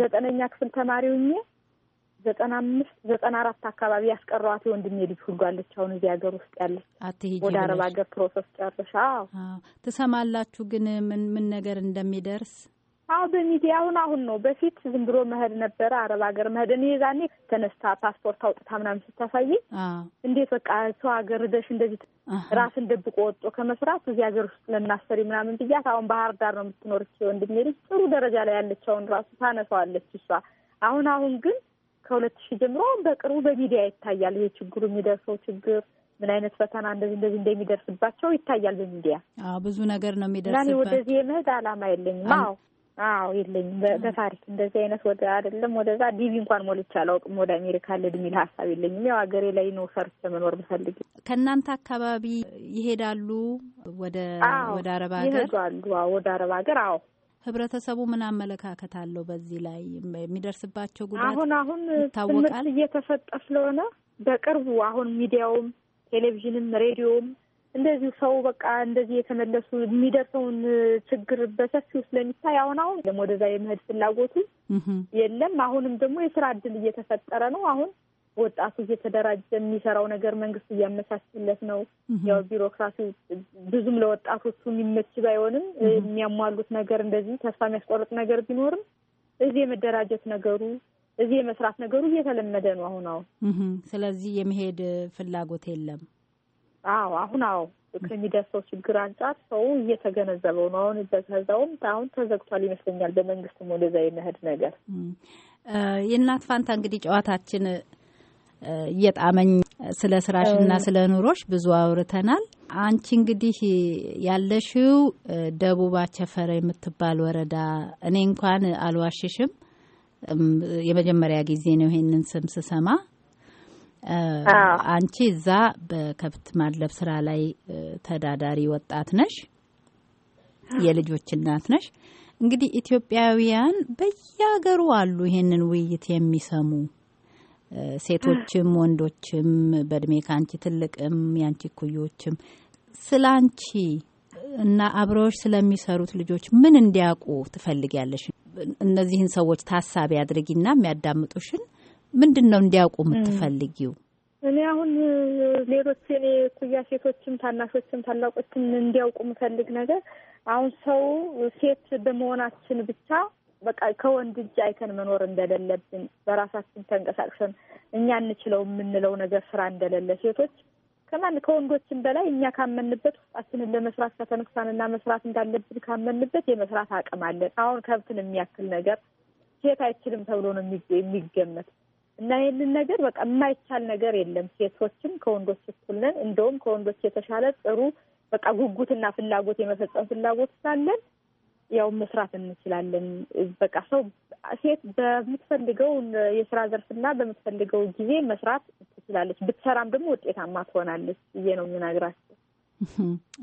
ዘጠነኛ ክፍል ተማሪ ሁኜ ዘጠና አምስት ዘጠና አራት አካባቢ ያስቀረዋት ወንድሜ ልጅ ሁሉ አለች። አሁን እዚህ ሀገር ውስጥ ያለች ወደ አረብ ሀገር ፕሮሰስ ጨርሻ ትሰማላችሁ። ግን ምን ምን ነገር እንደሚደርስ አሁን በሚዲያ አሁን አሁን ነው። በፊት ዝም ብሎ መሄድ ነበረ አረብ ሀገር መሄድ። እኔ ዛኔ ተነስታ ፓስፖርት አውጥታ ምናምን ስታሳይ እንዴት በቃ ሰው ሀገር ደሽ እንደዚህ ራስን ደብቆ ወጦ ከመስራት እዚህ ሀገር ውስጥ ለናሰሪ ምናምን ብያት። አሁን ባህር ዳር ነው የምትኖር ወንድሜ ልጅ ጥሩ ደረጃ ላይ ያለች አሁን ራሱ ታነሳዋለች እሷ። አሁን አሁን ግን ከሁለት ሺህ ጀምሮ አሁን በቅርቡ በሚዲያ ይታያል ይሄ ችግሩ የሚደርሰው ችግር ምን አይነት ፈተና እንደዚህ እንደዚህ እንደሚደርስባቸው ይታያል በሚዲያ ብዙ ነገር ነው የሚደርስ። ወደዚህ የመሄድ አላማ የለኝም። አዎ አዎ የለኝም። በታሪክ እንደዚህ አይነት ወደ አይደለም ወደዛ ዲቪ እንኳን ሞልቼ አላውቅም። ወደ አሜሪካ ልሂድ የሚል ሀሳብ የለኝም። ያው ሀገሬ ላይ ነው ሰርች ለመኖር ብፈልግ። ከእናንተ አካባቢ ይሄዳሉ ወደ ወደ አረብ ሀገር ይሄዳሉ። ወደ አረብ ሀገር አዎ። ህብረተሰቡ ምን አመለካከት አለው በዚህ ላይ የሚደርስባቸው ጉዳት? አሁን አሁን ትምህርት እየተሰጠ ስለሆነ በቅርቡ አሁን ሚዲያውም ቴሌቪዥንም ሬዲዮም እንደዚሁ ሰው በቃ እንደዚህ የተመለሱ የሚደርሰውን ችግር በሰፊው ስለሚታይ አሁን አሁን ወደዛ የመሄድ ፍላጎቱ የለም። አሁንም ደግሞ የስራ እድል እየተፈጠረ ነው። አሁን ወጣቱ እየተደራጀ የሚሰራው ነገር መንግስት እያመቻችለት ነው። ያው ቢሮክራሲው ብዙም ለወጣቶቹ የሚመች ባይሆንም የሚያሟሉት ነገር እንደዚህ ተስፋ የሚያስቆርጥ ነገር ቢኖርም እዚህ የመደራጀት ነገሩ እዚህ የመስራት ነገሩ እየተለመደ ነው አሁን አሁን። ስለዚህ የመሄድ ፍላጎት የለም። አዎ አሁን አዎ ከሚደርሰው ችግር አንጻር ሰው እየተገነዘበው ነው። አሁን እዘዛውም አሁን ተዘግቷል ይመስለኛል። በመንግስትም ወደዛ የመሄድ ነገር የእናት ፋንታ እንግዲህ ጨዋታችን እየጣመኝ ስለ ስራሽና ስለ ኑሮሽ ብዙ አውርተናል። አንቺ እንግዲህ ያለሽው ደቡብ አቸፈረ የምትባል ወረዳ፣ እኔ እንኳን አልዋሽሽም የመጀመሪያ ጊዜ ነው ይሄንን ስም ስሰማ አንቺ እዛ በከብት ማድለብ ስራ ላይ ተዳዳሪ ወጣት ነሽ፣ የልጆች እናት ነሽ። እንግዲህ ኢትዮጵያውያን በየሀገሩ አሉ ይሄንን ውይይት የሚሰሙ ሴቶችም ወንዶችም በእድሜ ከአንቺ ትልቅም የአንቺ ኩዮችም ስለ አንቺ እና አብረዎች ስለሚሰሩት ልጆች ምን እንዲያውቁ ትፈልጊያለሽ? እነዚህን ሰዎች ታሳቢ አድርጊና የሚያዳምጡሽን ምንድን ነው እንዲያውቁ የምትፈልጊው? እኔ አሁን ሌሎች እኔ ኩያ ሴቶችም ታናሾችም ታላቆችም እንዲያውቁ የምፈልግ ነገር አሁን ሰው ሴት በመሆናችን ብቻ በቃ ከወንድ እጅ አይተን መኖር እንደሌለብን በራሳችን ተንቀሳቅሰን እኛ እንችለው የምንለው ነገር ስራ እንደሌለ ሴቶች ከማን ከወንዶችም በላይ እኛ ካመንበት ውስጣችንን ለመስራት ከተነሳንና መስራት እንዳለብን ካመንበት የመስራት አቅም አለን። አሁን ከብትን የሚያክል ነገር ሴት አይችልም ተብሎ ነው የሚገመት። እና ይህንን ነገር በቃ የማይቻል ነገር የለም። ሴቶችም ከወንዶች እኩል ነን። እንደውም ከወንዶች የተሻለ ጥሩ በቃ ጉጉትና ፍላጎት የመፈጸም ፍላጎት ስላለን ያው መስራት እንችላለን። በቃ ሰው ሴት በምትፈልገው የስራ ዘርፍና በምትፈልገው ጊዜ መስራት ትችላለች። ብትሰራም ደግሞ ውጤታማ ትሆናለች ብዬ ነው የምነግራቸው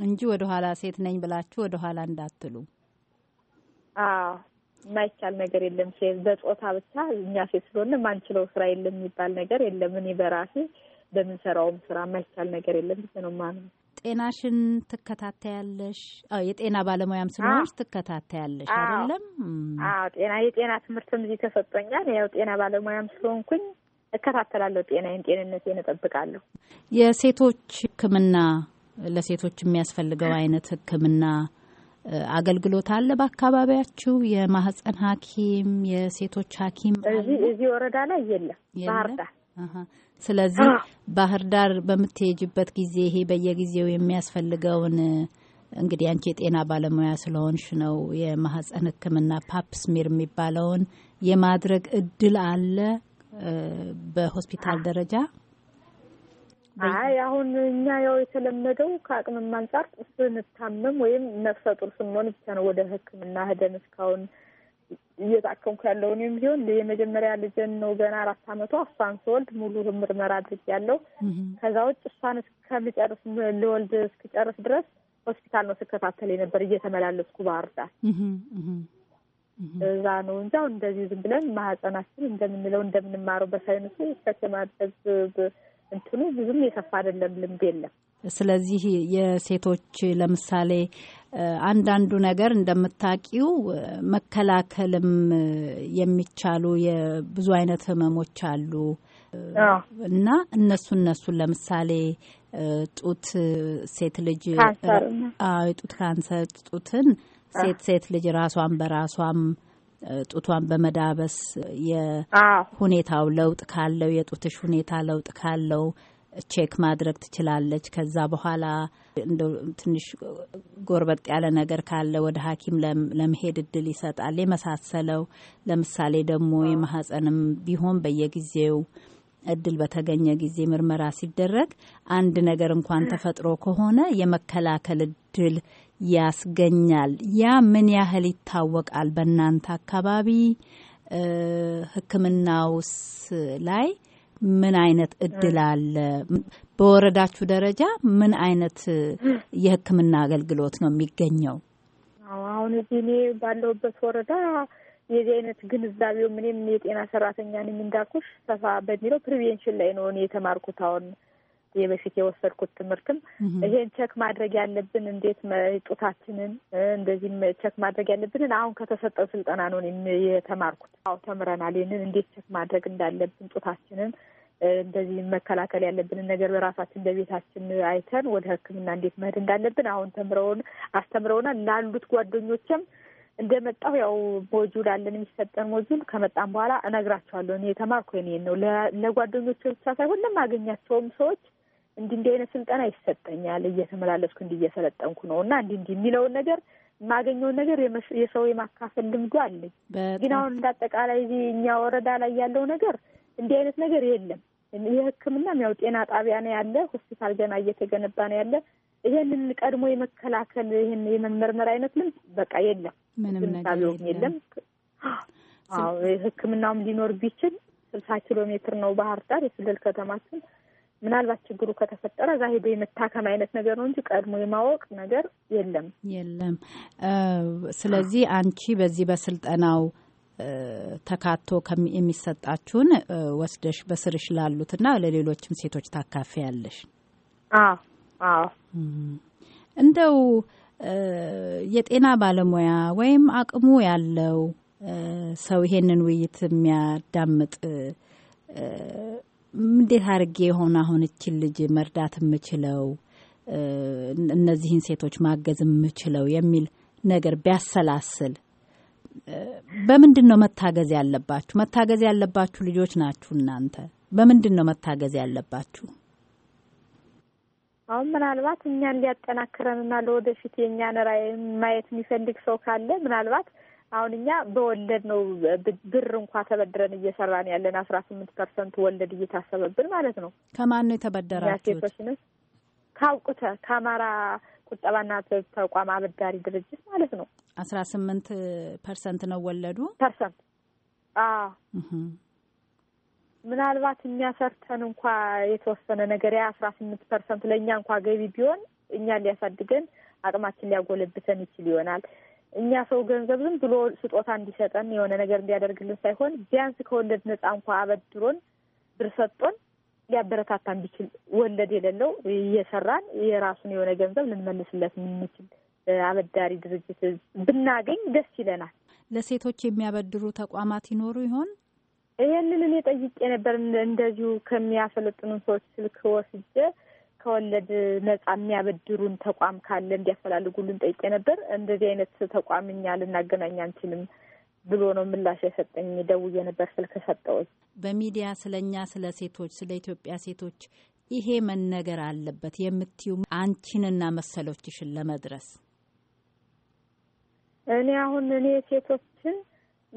እንጂ ወደኋላ ሴት ነኝ ብላችሁ ወደኋላ እንዳትሉ። አዎ የማይቻል ነገር የለም። በጾታ ብቻ እኛ ሴት ስለሆነ ማንችለው ስራ የለም የሚባል ነገር የለም። እኔ በራሴ በምንሰራውም ስራ የማይቻል ነገር የለም ብቻ ነው ማምነው። ጤናሽን ትከታተያለሽ? የጤና ባለሙያም ስለሆንሽ ትከታተያለሽ አይደለም? ጤና የጤና ትምህርትም እዚህ ተሰጠኛል። ያው ጤና ባለሙያም ስለሆንኩኝ እከታተላለሁ። ጤናዬን፣ ጤንነቴን እጠብቃለሁ። የሴቶች ሕክምና ለሴቶች የሚያስፈልገው አይነት ሕክምና አገልግሎት አለ በአካባቢያችሁ? የማህፀን ሐኪም የሴቶች ሐኪም እዚህ እዚህ ወረዳ ላይ የለም፣ ባህር ዳር ስለዚህ ባህር ዳር በምትሄጅበት ጊዜ ይሄ በየጊዜው የሚያስፈልገውን እንግዲህ አንቺ የጤና ባለሙያ ስለሆንሽ ነው የማህፀን ሕክምና ፓፕስሚር የሚባለውን የማድረግ እድል አለ በሆስፒታል ደረጃ አይ አሁን እኛ ያው የተለመደው ከአቅምም አንጻር ስንታመም ወይም ነፍሰ ጡር ስንሆን ብቻ ነው ወደ ሕክምና ህደን እስካሁን እየታከምኩ ያለው እኔም ቢሆን የመጀመሪያ ልጅን ነው ገና አራት አመቷ እሷን ስወልድ ሙሉ ምርመራ ያለው ከዛ ውጭ እሷን እስከምጨርስ ልወልድ እስክጨርስ ድረስ ሆስፒታል ነው ስከታተል የነበር እየተመላለስኩ ባህር ዳር እዛ ነው እንጂ አሁን እንደዚህ ዝም ብለን ማህፀናችን እንደምንለው እንደምንማረው በሳይንሱ ከተማደግ እንትኑ ብዙም የሰፋ አይደለም፣ ልምድ የለም። ስለዚህ የሴቶች ለምሳሌ አንዳንዱ ነገር እንደምታቂው መከላከልም የሚቻሉ የብዙ አይነት ህመሞች አሉ እና እነሱ እነሱን ለምሳሌ ጡት ሴት ልጅ የጡት ካንሰር ጡትን ሴት ሴት ልጅ ራሷን በራሷም ጡቷን በመዳበስ የሁኔታው ለውጥ ካለው የጡትሽ ሁኔታ ለውጥ ካለው ቼክ ማድረግ ትችላለች። ከዛ በኋላ እንደ ትንሽ ጎርበጥ ያለ ነገር ካለ ወደ ሐኪም ለመሄድ እድል ይሰጣል። የመሳሰለው ለምሳሌ ደግሞ የማህፀንም ቢሆን በየጊዜው እድል በተገኘ ጊዜ ምርመራ ሲደረግ አንድ ነገር እንኳን ተፈጥሮ ከሆነ የመከላከል እድል ያስገኛል። ያ ምን ያህል ይታወቃል? በእናንተ አካባቢ ሕክምናውስ ላይ ምን አይነት እድል አለ? በወረዳችሁ ደረጃ ምን አይነት የሕክምና አገልግሎት ነው የሚገኘው? አሁን እዚህ እኔ ባለሁበት ወረዳ የዚህ አይነት ግንዛቤው ምንም የጤና ሰራተኛ ነኝ እንዳልኩሽ ሰፋ በሚለው ፕሪቬንሽን ላይ ነው እኔ የተማርኩት። አሁን የበፊት የወሰድኩት ትምህርትም ይሄን ቸክ ማድረግ ያለብን እንዴት ጡታችንን እንደዚህም ቸክ ማድረግ ያለብንን አሁን ከተሰጠው ስልጠና ነው የተማርኩት። አዎ ተምረናል። ይህንን እንዴት ቸክ ማድረግ እንዳለብን ጡታችንን እንደዚህ መከላከል ያለብንን ነገር በራሳችን በቤታችን አይተን ወደ ሕክምና እንዴት መሄድ እንዳለብን አሁን ተምረውን አስተምረውናል። ላሉት ጓደኞችም እንደመጣሁ ያው ሞጁል አለን የሚሰጠን ሞጁል ከመጣም በኋላ እነግራቸዋለሁ። እኔ የተማርኩ እኔን ነው ለጓደኞች ብቻ ሳይሆን ለማገኛቸውም ሰዎች እንዲህ እንዲህ አይነት ስልጠና ይሰጠኛል እየተመላለስኩ እንዲህ እየሰለጠንኩ ነው እና እንዲህ እንዲህ የሚለውን ነገር የማገኘውን ነገር የሰው የማካፈል ልምዱ አለኝ። ግን አሁን እንዳጠቃላይ እዚህ እኛ ወረዳ ላይ ያለው ነገር እንዲህ አይነት ነገር የለም። የሕክምናም ያው ጤና ጣቢያ ነው ያለ፣ ሆስፒታል ገና እየተገነባ ነው ያለ። ይሄንን ቀድሞ የመከላከል ይህን የመመርመር አይነት ልምድ በቃ የለም፣ ምንም የለም። ሕክምናውም ሊኖር ቢችል ስልሳ ኪሎ ሜትር ነው ባህር ዳር የክልል ከተማችን ምናልባት ችግሩ ከተፈጠረ እዛ ሄዶ የመታከም አይነት ነገር ነው እንጂ ቀድሞ የማወቅ ነገር የለም የለም። ስለዚህ አንቺ በዚህ በስልጠናው ተካቶ የሚሰጣችሁን ወስደሽ በስርሽ ላሉትና ለሌሎችም ሴቶች ታካፊያለሽ። እንደው የጤና ባለሙያ ወይም አቅሙ ያለው ሰው ይሄንን ውይይት የሚያዳምጥ እንዴት አድርጌ የሆነ አሁን እችን ልጅ መርዳት የምችለው እነዚህን ሴቶች ማገዝ የምችለው የሚል ነገር ቢያሰላስል በምንድን ነው መታገዝ ያለባችሁ? መታገዝ ያለባችሁ ልጆች ናችሁ እናንተ። በምንድን ነው መታገዝ ያለባችሁ? አሁን ምናልባት እኛን ሊያጠናክረንና ለወደፊት የእኛን ራዕይ ማየት የሚፈልግ ሰው ካለ ምናልባት አሁን እኛ በወለድ ነው ብር እንኳ ተበድረን እየሰራን ያለን አስራ ስምንት ፐርሰንት ወለድ እየታሰበብን ማለት ነው። ከማን ነው የተበደራችሁት? ካውቁተ ከአማራ ቁጠባና ተቋም አበዳሪ ድርጅት ማለት ነው። አስራ ስምንት ፐርሰንት ነው ወለዱ ፐርሰንት ምናልባት እኛ ሰርተን እንኳ የተወሰነ ነገር ያ አስራ ስምንት ፐርሰንት ለእኛ እንኳ ገቢ ቢሆን እኛ ሊያሳድገን አቅማችን ሊያጎለብተን ይችል ይሆናል። እኛ ሰው ገንዘብ ዝም ብሎ ስጦታ እንዲሰጠን የሆነ ነገር እንዲያደርግልን ሳይሆን ቢያንስ ከወለድ ነጻ እንኳ አበድሮን ብር ሰጥቶን ሊያበረታታ እንዲችል ወለድ የሌለው እየሰራን የራሱን የሆነ ገንዘብ ልንመልስለት የምንችል አበዳሪ ድርጅት ብናገኝ ደስ ይለናል። ለሴቶች የሚያበድሩ ተቋማት ይኖሩ ይሆን? ይህንን እኔ ጠይቄ ነበር። እንደዚሁ ከሚያሰለጥኑ ሰዎች ስልክ ወስጄ ከወለድ ነጻ የሚያበድሩን ተቋም ካለ እንዲያፈላልጉልን ጠይቄ ነበር። እንደዚህ አይነት ተቋም እኛ ልናገናኝ አንችልም ብሎ ነው ምላሽ የሰጠኝ። ደውዬ ነበር ስልክ ሰጠዎች። በሚዲያ ስለ እኛ ስለ ሴቶች ስለ ኢትዮጵያ ሴቶች ይሄ መነገር አለበት የምትዩ አንቺንና መሰሎችሽን ለመድረስ እኔ አሁን እኔ ሴቶች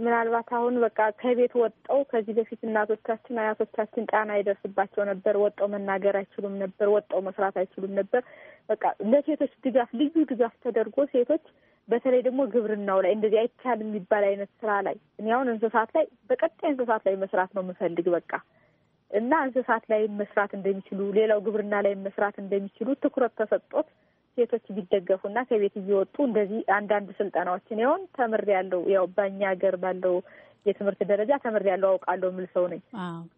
ምናልባት አሁን በቃ ከቤት ወጠው ከዚህ በፊት እናቶቻችን አያቶቻችን ጫና ይደርስባቸው ነበር። ወጠው መናገር አይችሉም ነበር። ወጠው መስራት አይችሉም ነበር። በቃ ለሴቶች ድጋፍ ልዩ ድጋፍ ተደርጎ ሴቶች በተለይ ደግሞ ግብርናው ላይ እንደዚህ አይቻል የሚባል አይነት ስራ ላይ እኔ አሁን እንስሳት ላይ በቀጣይ እንስሳት ላይ መስራት ነው የምፈልግ በቃ እና እንስሳት ላይ መስራት እንደሚችሉ ሌላው ግብርና ላይ መስራት እንደሚችሉ ትኩረት ተሰጥቶት ሴቶች ቢደገፉና ከቤት እየወጡ እንደዚህ አንዳንድ ስልጠናዎችን ይሆን ተምር ያለው ያው በእኛ ሀገር ባለው የትምህርት ደረጃ ተምር ያለው አውቃለሁ የምል ሰው ነኝ።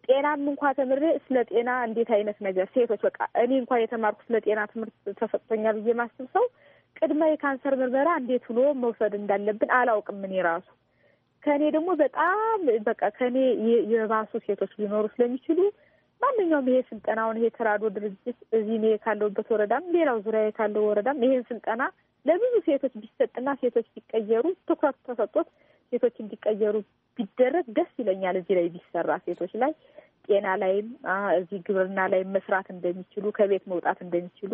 ጤናም እንኳ ተምሬ ስለ ጤና እንዴት አይነት ነገር ሴቶች በቃ እኔ እንኳ የተማርኩ ስለ ጤና ትምህርት ተሰጥቶኛል ብዬ ማስብ ሰው ቅድመ የካንሰር ምርመራ እንዴት ብሎ መውሰድ እንዳለብን አላውቅም እኔ ራሱ ከእኔ ደግሞ በጣም በቃ ከእኔ የባሱ ሴቶች ሊኖሩ ስለሚችሉ ማንኛውም ይሄ ስልጠናውን ይሄ ተራዶ ድርጅት እዚህ እኔ ካለሁበት ወረዳም ሌላው ዙሪያ ካለው ወረዳም ይሄን ስልጠና ለብዙ ሴቶች ቢሰጥና ሴቶች ቢቀየሩ ትኩረት ተሰጦት ሴቶች እንዲቀየሩ ቢደረግ ደስ ይለኛል። እዚህ ላይ ቢሰራ ሴቶች ላይ ጤና ላይም እዚህ ግብርና ላይ መስራት እንደሚችሉ ከቤት መውጣት እንደሚችሉ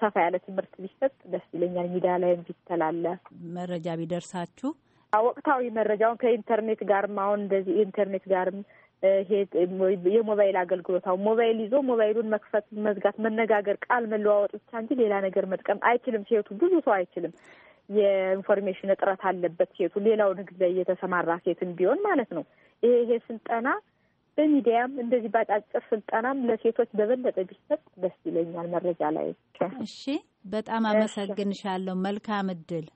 ሰፋ ያለ ትምህርት ቢሰጥ ደስ ይለኛል። ሚዲያ ላይም ቢተላለፍ መረጃ ቢደርሳችሁ ወቅታዊ መረጃውን ከኢንተርኔት ጋርም አሁን እንደዚህ ኢንተርኔት ጋርም የሞባይል አገልግሎት አሁን ሞባይል ይዞ ሞባይሉን መክፈት፣ መዝጋት፣ መነጋገር፣ ቃል መለዋወጥ ብቻ እንጂ ሌላ ነገር መጥቀም አይችልም። ሴቱ ብዙ ሰው አይችልም። የኢንፎርሜሽን እጥረት አለበት ሴቱ፣ ሌላው ንግድ ላይ የተሰማራ ሴትን ቢሆን ማለት ነው። ይሄ ይሄ ስልጠና በሚዲያም እንደዚህ በአጫጭር ስልጠናም ለሴቶች በበለጠ ቢሰጥ ደስ ይለኛል። መረጃ ላይ እሺ፣ በጣም አመሰግንሻለሁ። መልካም እድል።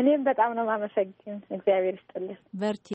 እኔም በጣም ነው ማመሰግን። እግዚአብሔር ይስጥልን። በርቲ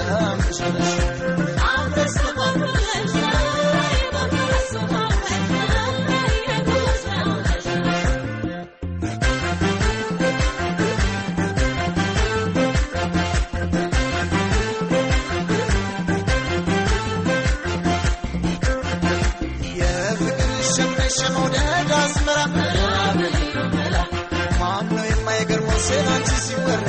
I'm just ስላንቺ ሲወራ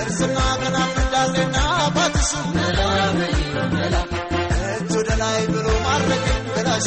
እርስና ምና እንዳለና አባትሽ እጅ ወደ ላይ ብሎ ማድረግ በላሽ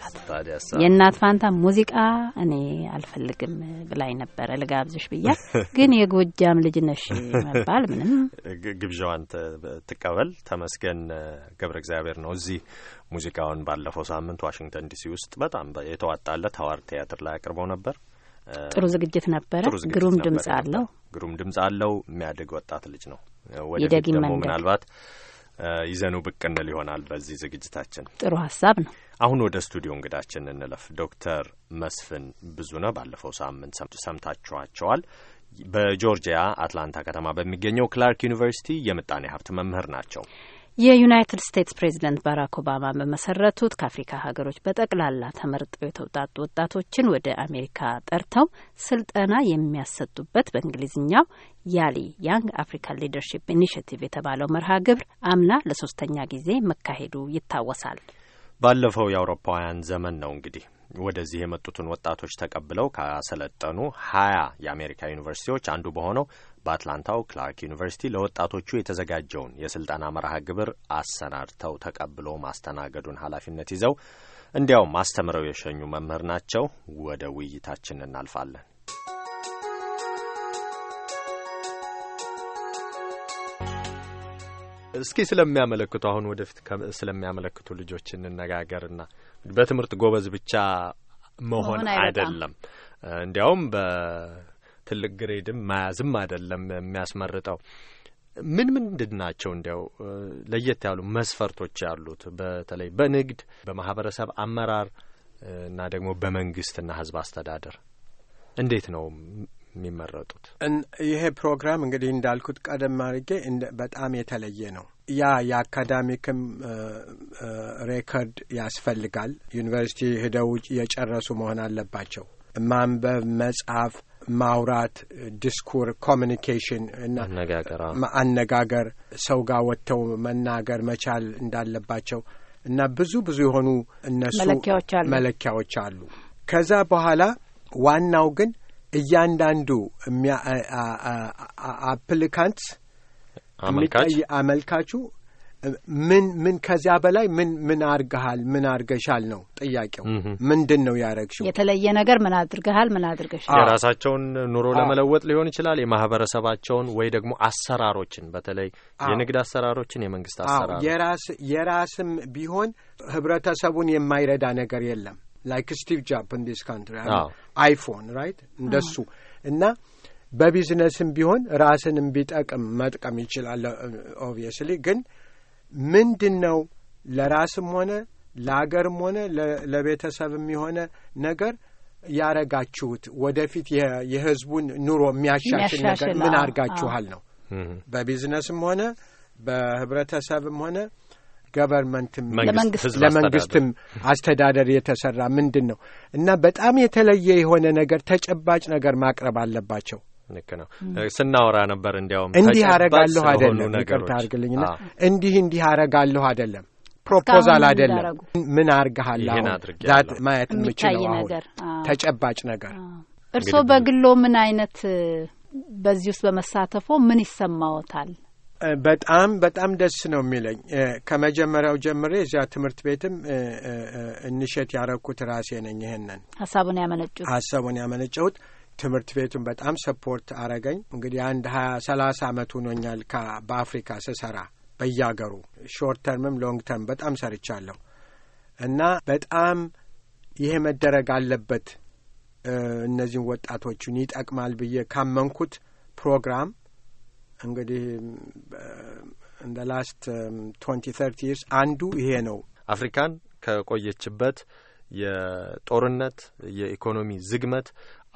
ታዲያስ የእናት ፋንታ ሙዚቃ እኔ አልፈልግም ብላኝ ነበረ ልጋብዝሽ ብያ፣ ግን የጎጃም ልጅ ነሽ መባል ምንም ግብዣዋን ትቀበል። ተመስገን ገብረ እግዚአብሔር ነው እዚህ ሙዚቃውን ባለፈው ሳምንት ዋሽንግተን ዲሲ ውስጥ በጣም የተዋጣለት ሀዋርድ ቲያትር ላይ አቅርበው ነበር። ጥሩ ዝግጅት ነበረ። ግሩም ድምጽ አለው። ግሩም ድምጽ አለው። የሚያድግ ወጣት ልጅ ነው። ወደፊት ደግሞ ምናልባት ይዘኑ ብቅ እንል ይሆናል በዚህ ዝግጅታችን። ጥሩ ሀሳብ ነው። አሁን ወደ ስቱዲዮ እንግዳችን እንለፍ። ዶክተር መስፍን ብዙነህ ባለፈው ሳምንት ሰምታችኋቸዋል። በጆርጂያ አትላንታ ከተማ በሚገኘው ክላርክ ዩኒቨርሲቲ የምጣኔ ሀብት መምህር ናቸው። የዩናይትድ ስቴትስ ፕሬዚደንት ባራክ ኦባማ በመሰረቱት ከአፍሪካ ሀገሮች በጠቅላላ ተመርጠው የተውጣጡ ወጣቶችን ወደ አሜሪካ ጠርተው ስልጠና የሚያሰጡበት በእንግሊዝኛው ያሊ ያንግ አፍሪካን ሊደርሺፕ ኢኒሽቲቭ የተባለው መርሃ ግብር አምና ለሶስተኛ ጊዜ መካሄዱ ይታወሳል። ባለፈው የአውሮፓውያን ዘመን ነው እንግዲህ ወደዚህ የመጡትን ወጣቶች ተቀብለው ካሰለጠኑ ሀያ የአሜሪካ ዩኒቨርሲቲዎች አንዱ በሆነው በአትላንታው ክላርክ ዩኒቨርሲቲ ለወጣቶቹ የተዘጋጀውን የስልጠና መርሃ ግብር አሰናድተው ተቀብሎ ማስተናገዱን ኃላፊነት ይዘው እንዲያውም አስተምረው የሸኙ መምህር ናቸው። ወደ ውይይታችን እናልፋለን። እስኪ ስለሚያመለክቱ አሁን ወደፊት ስለሚያመለክቱ ልጆች እንነጋገርና በትምህርት ጎበዝ ብቻ መሆን አይደለም፣ እንዲያውም በትልቅ ግሬድም መያዝም አይደለም የሚያስመርጠው። ምን ምንድን ናቸው እንዲያው ለየት ያሉ መስፈርቶች ያሉት በተለይ በንግድ በማህበረሰብ አመራር እና ደግሞ በመንግስትና ህዝብ አስተዳደር እንዴት ነው የሚመረጡት። ይሄ ፕሮግራም እንግዲህ እንዳልኩት ቀደም አድርጌ በጣም የተለየ ነው። ያ የአካዳሚክም ሬከርድ ያስፈልጋል። ዩኒቨርሲቲ ሂደው የጨረሱ መሆን አለባቸው። ማንበብ፣ መጻፍ፣ ማውራት፣ ዲስኩር፣ ኮሚኒኬሽን እና አነጋገር፣ ሰው ጋር ወጥተው መናገር መቻል እንዳለባቸው እና ብዙ ብዙ የሆኑ እነሱ መለኪያዎች አሉ። ከዛ በኋላ ዋናው ግን እያንዳንዱ አፕሊካንት አመልካቹ ምን ምን ከዚያ በላይ ምን ምን አርገሃል ምን አርገሻል ነው ጥያቄው። ምንድን ነው ያረግሽው? የተለየ ነገር ምን አድርገሃል ምን አድርገሻል? የራሳቸውን ኑሮ ለመለወጥ ሊሆን ይችላል፣ የማህበረሰባቸውን ወይ ደግሞ አሰራሮችን፣ በተለይ የንግድ አሰራሮችን፣ የመንግስት አሰራሮች የራስ የራስም ቢሆን ህብረተሰቡን የማይረዳ ነገር የለም። ላይክ ስቲቭ ጃፕ እንዲስ ካንትሪ አይፎን ራይት እንደሱ እና በቢዝነስም ቢሆን ራስንም ቢጠቅም መጥቀም ይችላል። ኦብቪየስሊ ግን ምንድን ነው ለራስም ሆነ ለአገርም ሆነ ለቤተሰብም የሆነ ነገር ያረጋችሁት ወደፊት የህዝቡን ኑሮ የሚያሻሽል ነገር ምን አርጋችኋል ነው በቢዝነስም ሆነ በህብረተሰብም ሆነ ገቨርንመንትም ለመንግስትም አስተዳደር የተሰራ ምንድን ነው እና በጣም የተለየ የሆነ ነገር ተጨባጭ ነገር ማቅረብ አለባቸው። ልክ ነው። ስናወራ ነበር እንዲያውም እንዲህ አረጋለሁ አይደለም፣ ይቅርታ አድርግልኝና እንዲህ እንዲህ አረጋለሁ አይደለም ፕሮፖዛል አይደለም። ምን አርግሃል ዛት ማየት የምችለው አሁን ተጨባጭ ነገር። እርስዎ በግሎ ምን አይነት በዚህ ውስጥ በመሳተፎ ምን ይሰማዎታል? በጣም በጣም ደስ ነው የሚለኝ። ከመጀመሪያው ጀምሬ እዚያ ትምህርት ቤትም እንሸት ያረኩት ራሴ ነኝ። ይህንን ሀሳቡን ያመነጩት ሀሳቡን ያመነጨሁት ትምህርት ቤቱን በጣም ሰፖርት አረገኝ። እንግዲህ አንድ ሀያ ሰላሳ አመት ሆኖኛል በአፍሪካ ስሰራ በያገሩ ሾርት ተርምም ሎንግ ተርም በጣም ሰርቻለሁ እና በጣም ይሄ መደረግ አለበት እነዚህን ወጣቶቹን ይጠቅማል ብዬ ካመንኩት ፕሮግራም እንግዲህ እንደ ላስት ትወንቲ ተርቲ ይርስ አንዱ ይሄ ነው። አፍሪካን ከቆየችበት የጦርነት የኢኮኖሚ ዝግመት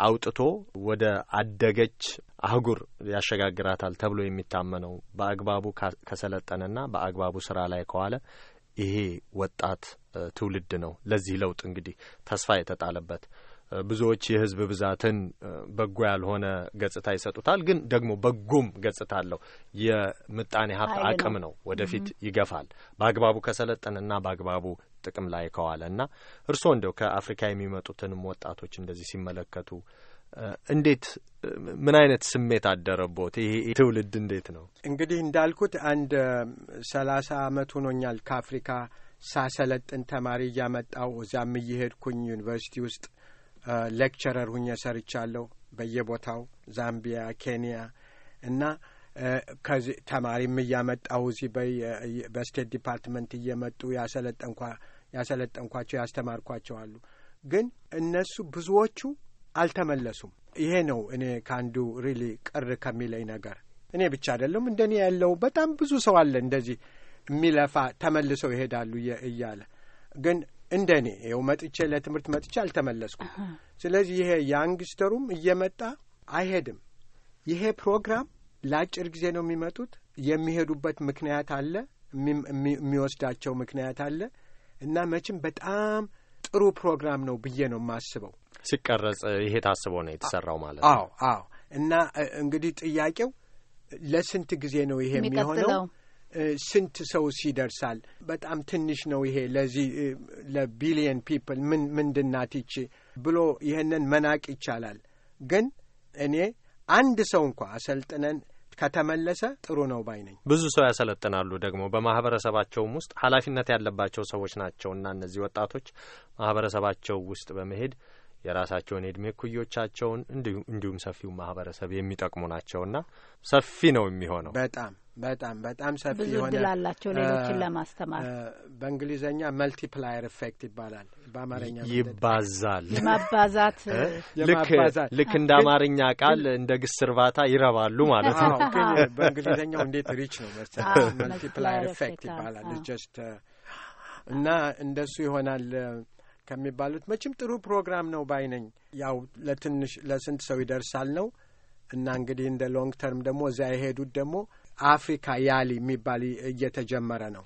አውጥቶ ወደ አደገች አህጉር ያሸጋግራታል ተብሎ የሚታመነው በአግባቡ ከሰለጠነና በአግባቡ ስራ ላይ ከዋለ ይሄ ወጣት ትውልድ ነው ለዚህ ለውጥ እንግዲህ ተስፋ የተጣለበት ብዙዎች የህዝብ ብዛትን በጎ ያልሆነ ገጽታ ይሰጡታል። ግን ደግሞ በጎም ገጽታ አለው። የምጣኔ ሀብት አቅም ነው፣ ወደፊት ይገፋል። በአግባቡ ከሰለጠንና በአግባቡ ጥቅም ላይ ከዋለ እና እርስዎ እንደው ከአፍሪካ የሚመጡትንም ወጣቶች እንደዚህ ሲመለከቱ እንዴት ምን አይነት ስሜት አደረቦት? ይሄ ትውልድ እንዴት ነው? እንግዲህ እንዳልኩት አንድ ሰላሳ አመት ሆኖኛል ከአፍሪካ ሳሰለጥን ተማሪ እያመጣው እዛም እየሄድኩኝ ዩኒቨርሲቲ ውስጥ ሌክቸረር ሁኜ ሰርቻለሁ። በየቦታው ዛምቢያ፣ ኬንያ እና ከዚህ ተማሪም እያመጣሁ እዚህ በስቴት ዲፓርትመንት እየመጡ ያሰለጠንኳ ያሰለጠንኳቸው ያስተማርኳቸው አሉ። ግን እነሱ ብዙዎቹ አልተመለሱም። ይሄ ነው እኔ ከአንዱ ሪሊ ቅር ከሚለኝ ነገር። እኔ ብቻ አይደለም እንደኔ ያለው በጣም ብዙ ሰው አለ እንደዚህ የሚለፋ ተመልሰው ይሄዳሉ እያለ ግን እንደ እኔ ይኸው መጥቼ ለትምህርት መጥቼ አልተመለስኩም። ስለዚህ ይሄ ያንግስተሩም እየመጣ አይሄድም። ይሄ ፕሮግራም ለአጭር ጊዜ ነው የሚመጡት። የሚሄዱበት ምክንያት አለ፣ የሚወስዳቸው ምክንያት አለ እና መቼም በጣም ጥሩ ፕሮግራም ነው ብዬ ነው የማስበው። ሲቀረጽ ይሄ ታስቦ ነው የተሰራው ማለት ነው። አዎ አዎ። እና እንግዲህ ጥያቄው ለስንት ጊዜ ነው ይሄ የሚሆነው? ስንት ሰውስ ይደርሳል? በጣም ትንሽ ነው ይሄ ለዚህ ለቢሊየን ፒፕል ምን ምንድናት ይቺ ብሎ ይህንን መናቅ ይቻላል። ግን እኔ አንድ ሰው እንኳ አሰልጥነን ከተመለሰ ጥሩ ነው ባይ ነኝ። ብዙ ሰው ያሰለጥናሉ ደግሞ በማህበረሰባቸውም ውስጥ ኃላፊነት ያለባቸው ሰዎች ናቸውና እነዚህ ወጣቶች ማህበረሰባቸው ውስጥ በመሄድ የራሳቸውን የእድሜ ኩዮቻቸውን እንዲሁም ሰፊው ማህበረሰብ የሚጠቅሙ ናቸውና ሰፊ ነው የሚሆነው በጣም በጣም በጣም ሰፊ ብዙ እድል አላቸው ሌሎችን ለማስተማር። በእንግሊዝኛ መልቲፕላየር ኢፌክት ይባላል። በአማርኛ ይባዛል፣ ማባዛት ልክ እንደ አማርኛ ቃል እንደ ግስ እርባታ ይረባሉ ማለት ነው። በእንግሊዝኛው እንዴት ሪች ነው መሰ መልቲፕላየር ኢፌክት ይባላል። ጀስት እና እንደሱ ይሆናል ከሚባሉት መቼም ጥሩ ፕሮግራም ነው ባይነኝ። ያው ለትንሽ ለስንት ሰው ይደርሳል ነው እና እንግዲህ እንደ ሎንግ ተርም ደግሞ እዚያ የሄዱት ደግሞ አፍሪካ ያሊ የሚባል እየተጀመረ ነው።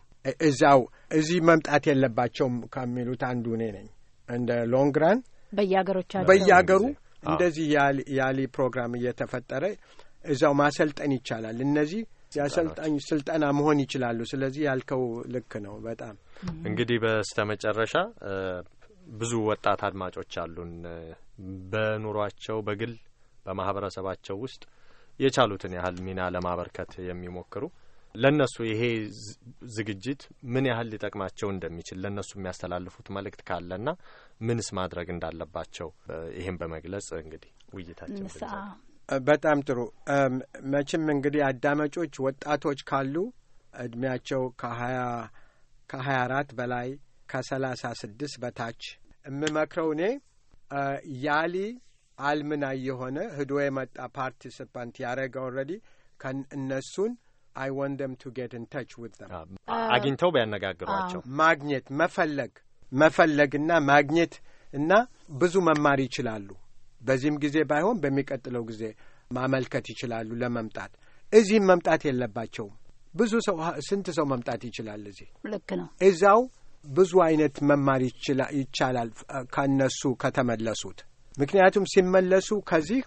እዛው እዚህ መምጣት የለባቸውም ከሚሉት አንዱ እኔ ነኝ። እንደ ሎንግራን በየሀገሮች በየሀገሩ እንደዚህ ያሊ ፕሮግራም እየተፈጠረ እዛው ማሰልጠን ይቻላል። እነዚህ የአሰልጣኝ ስልጠና መሆን ይችላሉ። ስለዚህ ያልከው ልክ ነው። በጣም እንግዲህ በስተ መጨረሻ ብዙ ወጣት አድማጮች አሉን። በኑሯቸው በግል በማህበረሰባቸው ውስጥ የቻሉትን ያህል ሚና ለማበርከት የሚሞክሩ ለእነሱ ይሄ ዝግጅት ምን ያህል ሊጠቅማቸው እንደሚችል ለእነሱ የሚያስተላልፉት መልእክት ካለና ምንስ ማድረግ እንዳለባቸው ይህን በመግለጽ እንግዲህ ውይይታችን በጣም ጥሩ። መቼም እንግዲህ አዳማጮች ወጣቶች ካሉ እድሜያቸው ከሀያ ከሀያ አራት በላይ ከሰላሳ ስድስት በታች የምመክረው እኔ ያሊ አልምና የሆነ ህዶ የመጣ ፓርቲስፓንት ያደረገ ኦልሬዲ እነሱን አይ ወን ደም ቱ ጌት ኢን ተች ዊዝ ደም አግኝተው ቢያነጋግሯቸው ማግኘት መፈለግ መፈለግና ማግኘት እና ብዙ መማር ይችላሉ። በዚህም ጊዜ ባይሆን በሚቀጥለው ጊዜ ማመልከት ይችላሉ ለመምጣት። እዚህም መምጣት የለባቸውም። ብዙ ሰው ስንት ሰው መምጣት ይችላል እዚህ? ልክ ነው። እዛው ብዙ አይነት መማር ይቻላል ከእነሱ ከተመለሱት ምክንያቱም ሲመለሱ ከዚህ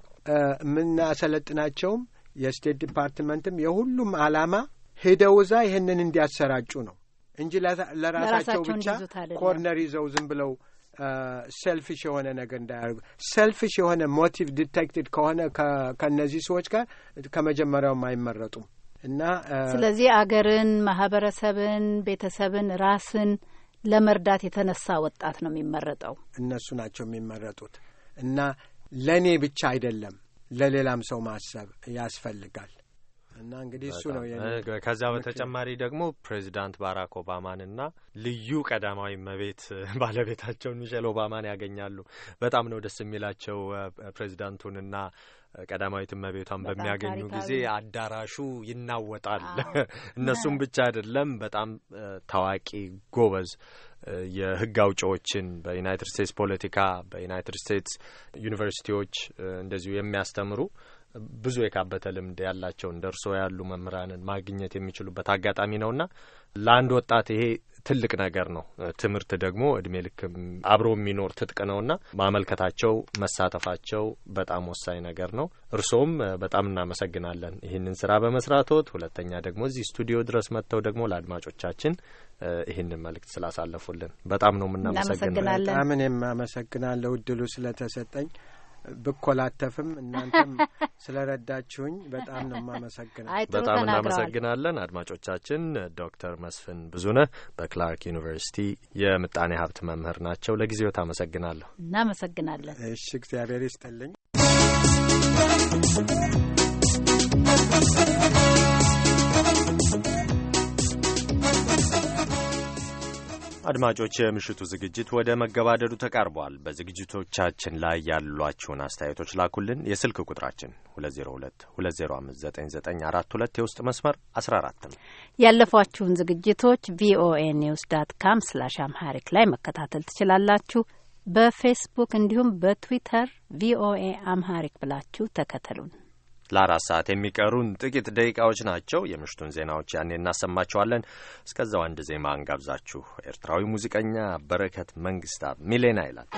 የምናሰለጥናቸውም የስቴት ዲፓርትመንትም የሁሉም አላማ ሄደው እዛ ይህንን እንዲያሰራጩ ነው እንጂ ለራሳቸው ብቻ ኮርነር ይዘው ዝም ብለው ሰልፊሽ የሆነ ነገር እንዳያደርጉ። ሰልፊሽ የሆነ ሞቲቭ ዲቴክትድ ከሆነ ከእነዚህ ሰዎች ጋር ከመጀመሪያውም አይመረጡም እና ስለዚህ አገርን፣ ማህበረሰብን፣ ቤተሰብን፣ ራስን ለመርዳት የተነሳ ወጣት ነው የሚመረጠው። እነሱ ናቸው የሚመረጡት። እና ለእኔ ብቻ አይደለም ለሌላም ሰው ማሰብ ያስፈልጋል እና እንግዲህ እሱ ነው። ከዚያ በተጨማሪ ደግሞ ፕሬዚዳንት ባራክ እና ልዩ ቀዳማዊ እመቤት ባለቤታቸውን ሚሼል ኦባማን ያገኛሉ። በጣም ነው ደስ የሚላቸው ፕሬዚዳንቱንና ቀዳማዊት እመቤቷን በሚያገኙ ጊዜ አዳራሹ ይናወጣል። እነሱም ብቻ አይደለም፣ በጣም ታዋቂ ጎበዝ የህግ አውጪዎችን በዩናይትድ ስቴትስ ፖለቲካ በዩናይትድ ስቴትስ ዩኒቨርሲቲዎች እንደዚሁ የሚያስተምሩ ብዙ የካበተ ልምድ ያላቸው እንደ እርስዎ ያሉ መምህራንን ማግኘት የሚችሉበት አጋጣሚ ነውና ለአንድ ወጣት ይሄ ትልቅ ነገር ነው። ትምህርት ደግሞ እድሜ ልክ አብሮ የሚኖር ትጥቅ ነውና ማመልከታቸው፣ መሳተፋቸው በጣም ወሳኝ ነገር ነው። እርስዎም በጣም እናመሰግናለን ይህንን ስራ በመስራቶት፣ ሁለተኛ ደግሞ እዚህ ስቱዲዮ ድረስ መጥተው ደግሞ ለአድማጮቻችን ይህንን መልእክት ስላሳለፉልን በጣም ነው የምናመሰግናለን። በጣም እኔም አመሰግናለሁ እድሉ ስለተሰጠኝ። ብኮላተፍም እናንተም ስለረዳችሁኝ በጣም ነው የማመሰግነው። በጣም እናመሰግናለን። አድማጮቻችን ዶክተር መስፍን ብዙነህ በክላርክ ዩኒቨርሲቲ የምጣኔ ሀብት መምህር ናቸው። ለጊዜው ታመሰግናለሁ። እናመሰግናለን። እሺ፣ እግዚአብሔር ይስጥልኝ። አድማጮች የምሽቱ ዝግጅት ወደ መገባደዱ ተቃርቧል። በዝግጅቶቻችን ላይ ያሏችሁን አስተያየቶች ላኩልን። የስልክ ቁጥራችን 2022059942 የውስጥ መስመር 14 ነው። ያለፏችሁን ዝግጅቶች ቪኦኤ ኒውስ ዳት ካም ስላሽ አምሃሪክ ላይ መከታተል ትችላላችሁ። በፌስቡክ እንዲሁም በትዊተር ቪኦኤ አምሃሪክ ብላችሁ ተከተሉን። ለአራት ሰዓት የሚቀሩን ጥቂት ደቂቃዎች ናቸው። የምሽቱን ዜናዎች ያኔ እናሰማቸዋለን እስከዛው አንድ ዜማ እንጋብዛችሁ። ኤርትራዊ ሙዚቀኛ በረከት መንግስታ ሚሌና ይላል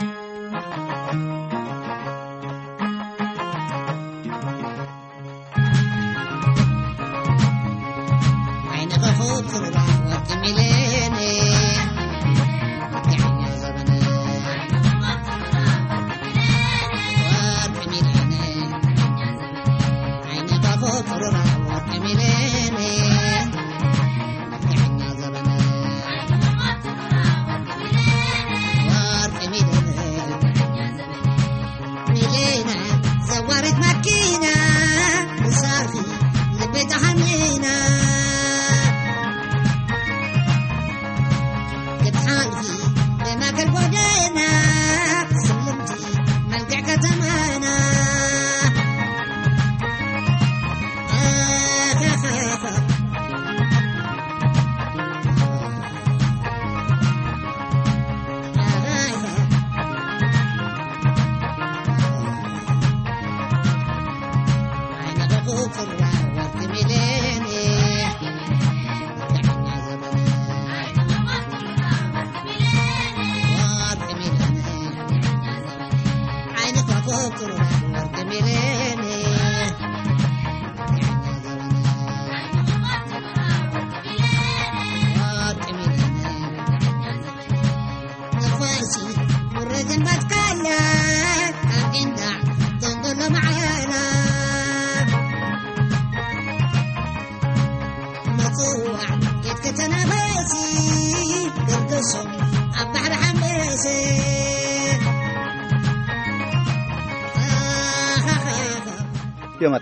Amen.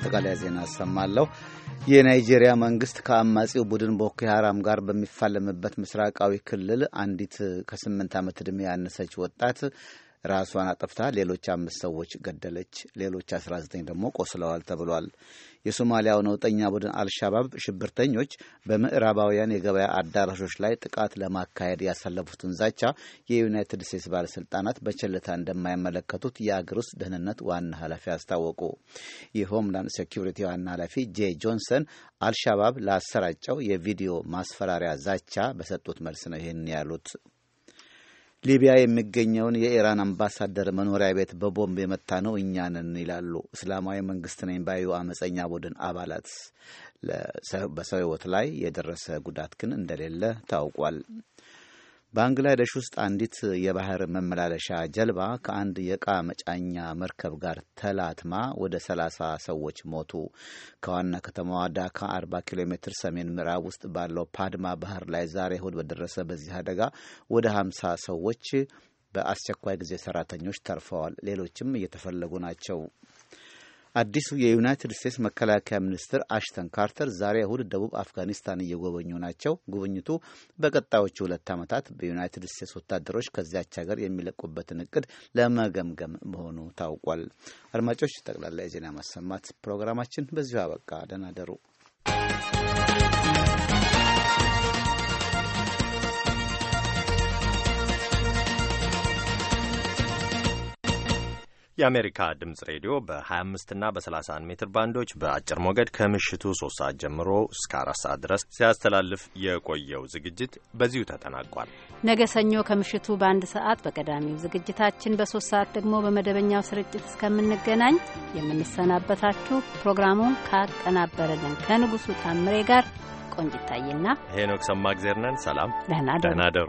ማጠቃለያ ዜና አሰማለሁ። የናይጄሪያ መንግስት ከአማጺው ቡድን ቦኮ ሃራም ጋር በሚፋለምበት ምስራቃዊ ክልል አንዲት ከስምንት ዓመት ዕድሜ ያነሰች ወጣት ራሷን አጥፍታ ሌሎች አምስት ሰዎች ገደለች። ሌሎች 19 ደግሞ ቆስለዋል ተብሏል። የሶማሊያው ነውጠኛ ቡድን አልሻባብ ሽብርተኞች በምዕራባውያን የገበያ አዳራሾች ላይ ጥቃት ለማካሄድ ያሳለፉትን ዛቻ የዩናይትድ ስቴትስ ባለስልጣናት በቸልታ እንደማይመለከቱት የአገር ውስጥ ደህንነት ዋና ኃላፊ አስታወቁ። የሆምላንድ ሴኪሪቲ ዋና ኃላፊ ጄ ጆንሰን አልሻባብ ላሰራጨው የቪዲዮ ማስፈራሪያ ዛቻ በሰጡት መልስ ነው ይህን ያሉት። ሊቢያ የሚገኘውን የኢራን አምባሳደር መኖሪያ ቤት በቦምብ የመታ ነው እኛንን ይላሉ እስላማዊ መንግስት ነኝ ባዩ አመፀኛ ቡድን አባላት። በሰው ህይወት ላይ የደረሰ ጉዳት ግን እንደሌለ ታውቋል። ባንግላዴሽ ውስጥ አንዲት የባህር መመላለሻ ጀልባ ከአንድ የዕቃ መጫኛ መርከብ ጋር ተላትማ ወደ 30 ሰዎች ሞቱ። ከዋና ከተማዋ ዳካ 40 ኪሎ ሜትር ሰሜን ምዕራብ ውስጥ ባለው ፓድማ ባህር ላይ ዛሬ እሁድ በደረሰ በዚህ አደጋ ወደ 50 ሰዎች በአስቸኳይ ጊዜ ሰራተኞች ተርፈዋል። ሌሎችም እየተፈለጉ ናቸው። አዲሱ የዩናይትድ ስቴትስ መከላከያ ሚኒስትር አሽተን ካርተር ዛሬ እሁድ ደቡብ አፍጋኒስታን እየጎበኙ ናቸው። ጉብኝቱ በቀጣዮቹ ሁለት ዓመታት በዩናይትድ ስቴትስ ወታደሮች ከዚያች ሀገር የሚለቁበትን እቅድ ለመገምገም መሆኑ ታውቋል። አድማጮች፣ ጠቅላላ የዜና ማሰማት ፕሮግራማችን በዚሁ አበቃ። ደህና ደሩ። የአሜሪካ ድምጽ ሬዲዮ በ25 እና በ31 ሜትር ባንዶች በአጭር ሞገድ ከምሽቱ 3 ሰዓት ጀምሮ እስከ 4 ሰዓት ድረስ ሲያስተላልፍ የቆየው ዝግጅት በዚሁ ተጠናቋል። ነገ ሰኞ ከምሽቱ በአንድ ሰዓት በቀዳሚው ዝግጅታችን፣ በሶስት ሰዓት ደግሞ በመደበኛው ስርጭት እስከምንገናኝ የምንሰናበታችሁ ፕሮግራሙን ካቀናበረልን ከንጉሱ ታምሬ ጋር ቆንጅታይና ሄኖክ ሰማ ነን። ሰላም፣ ደህና ደሩ።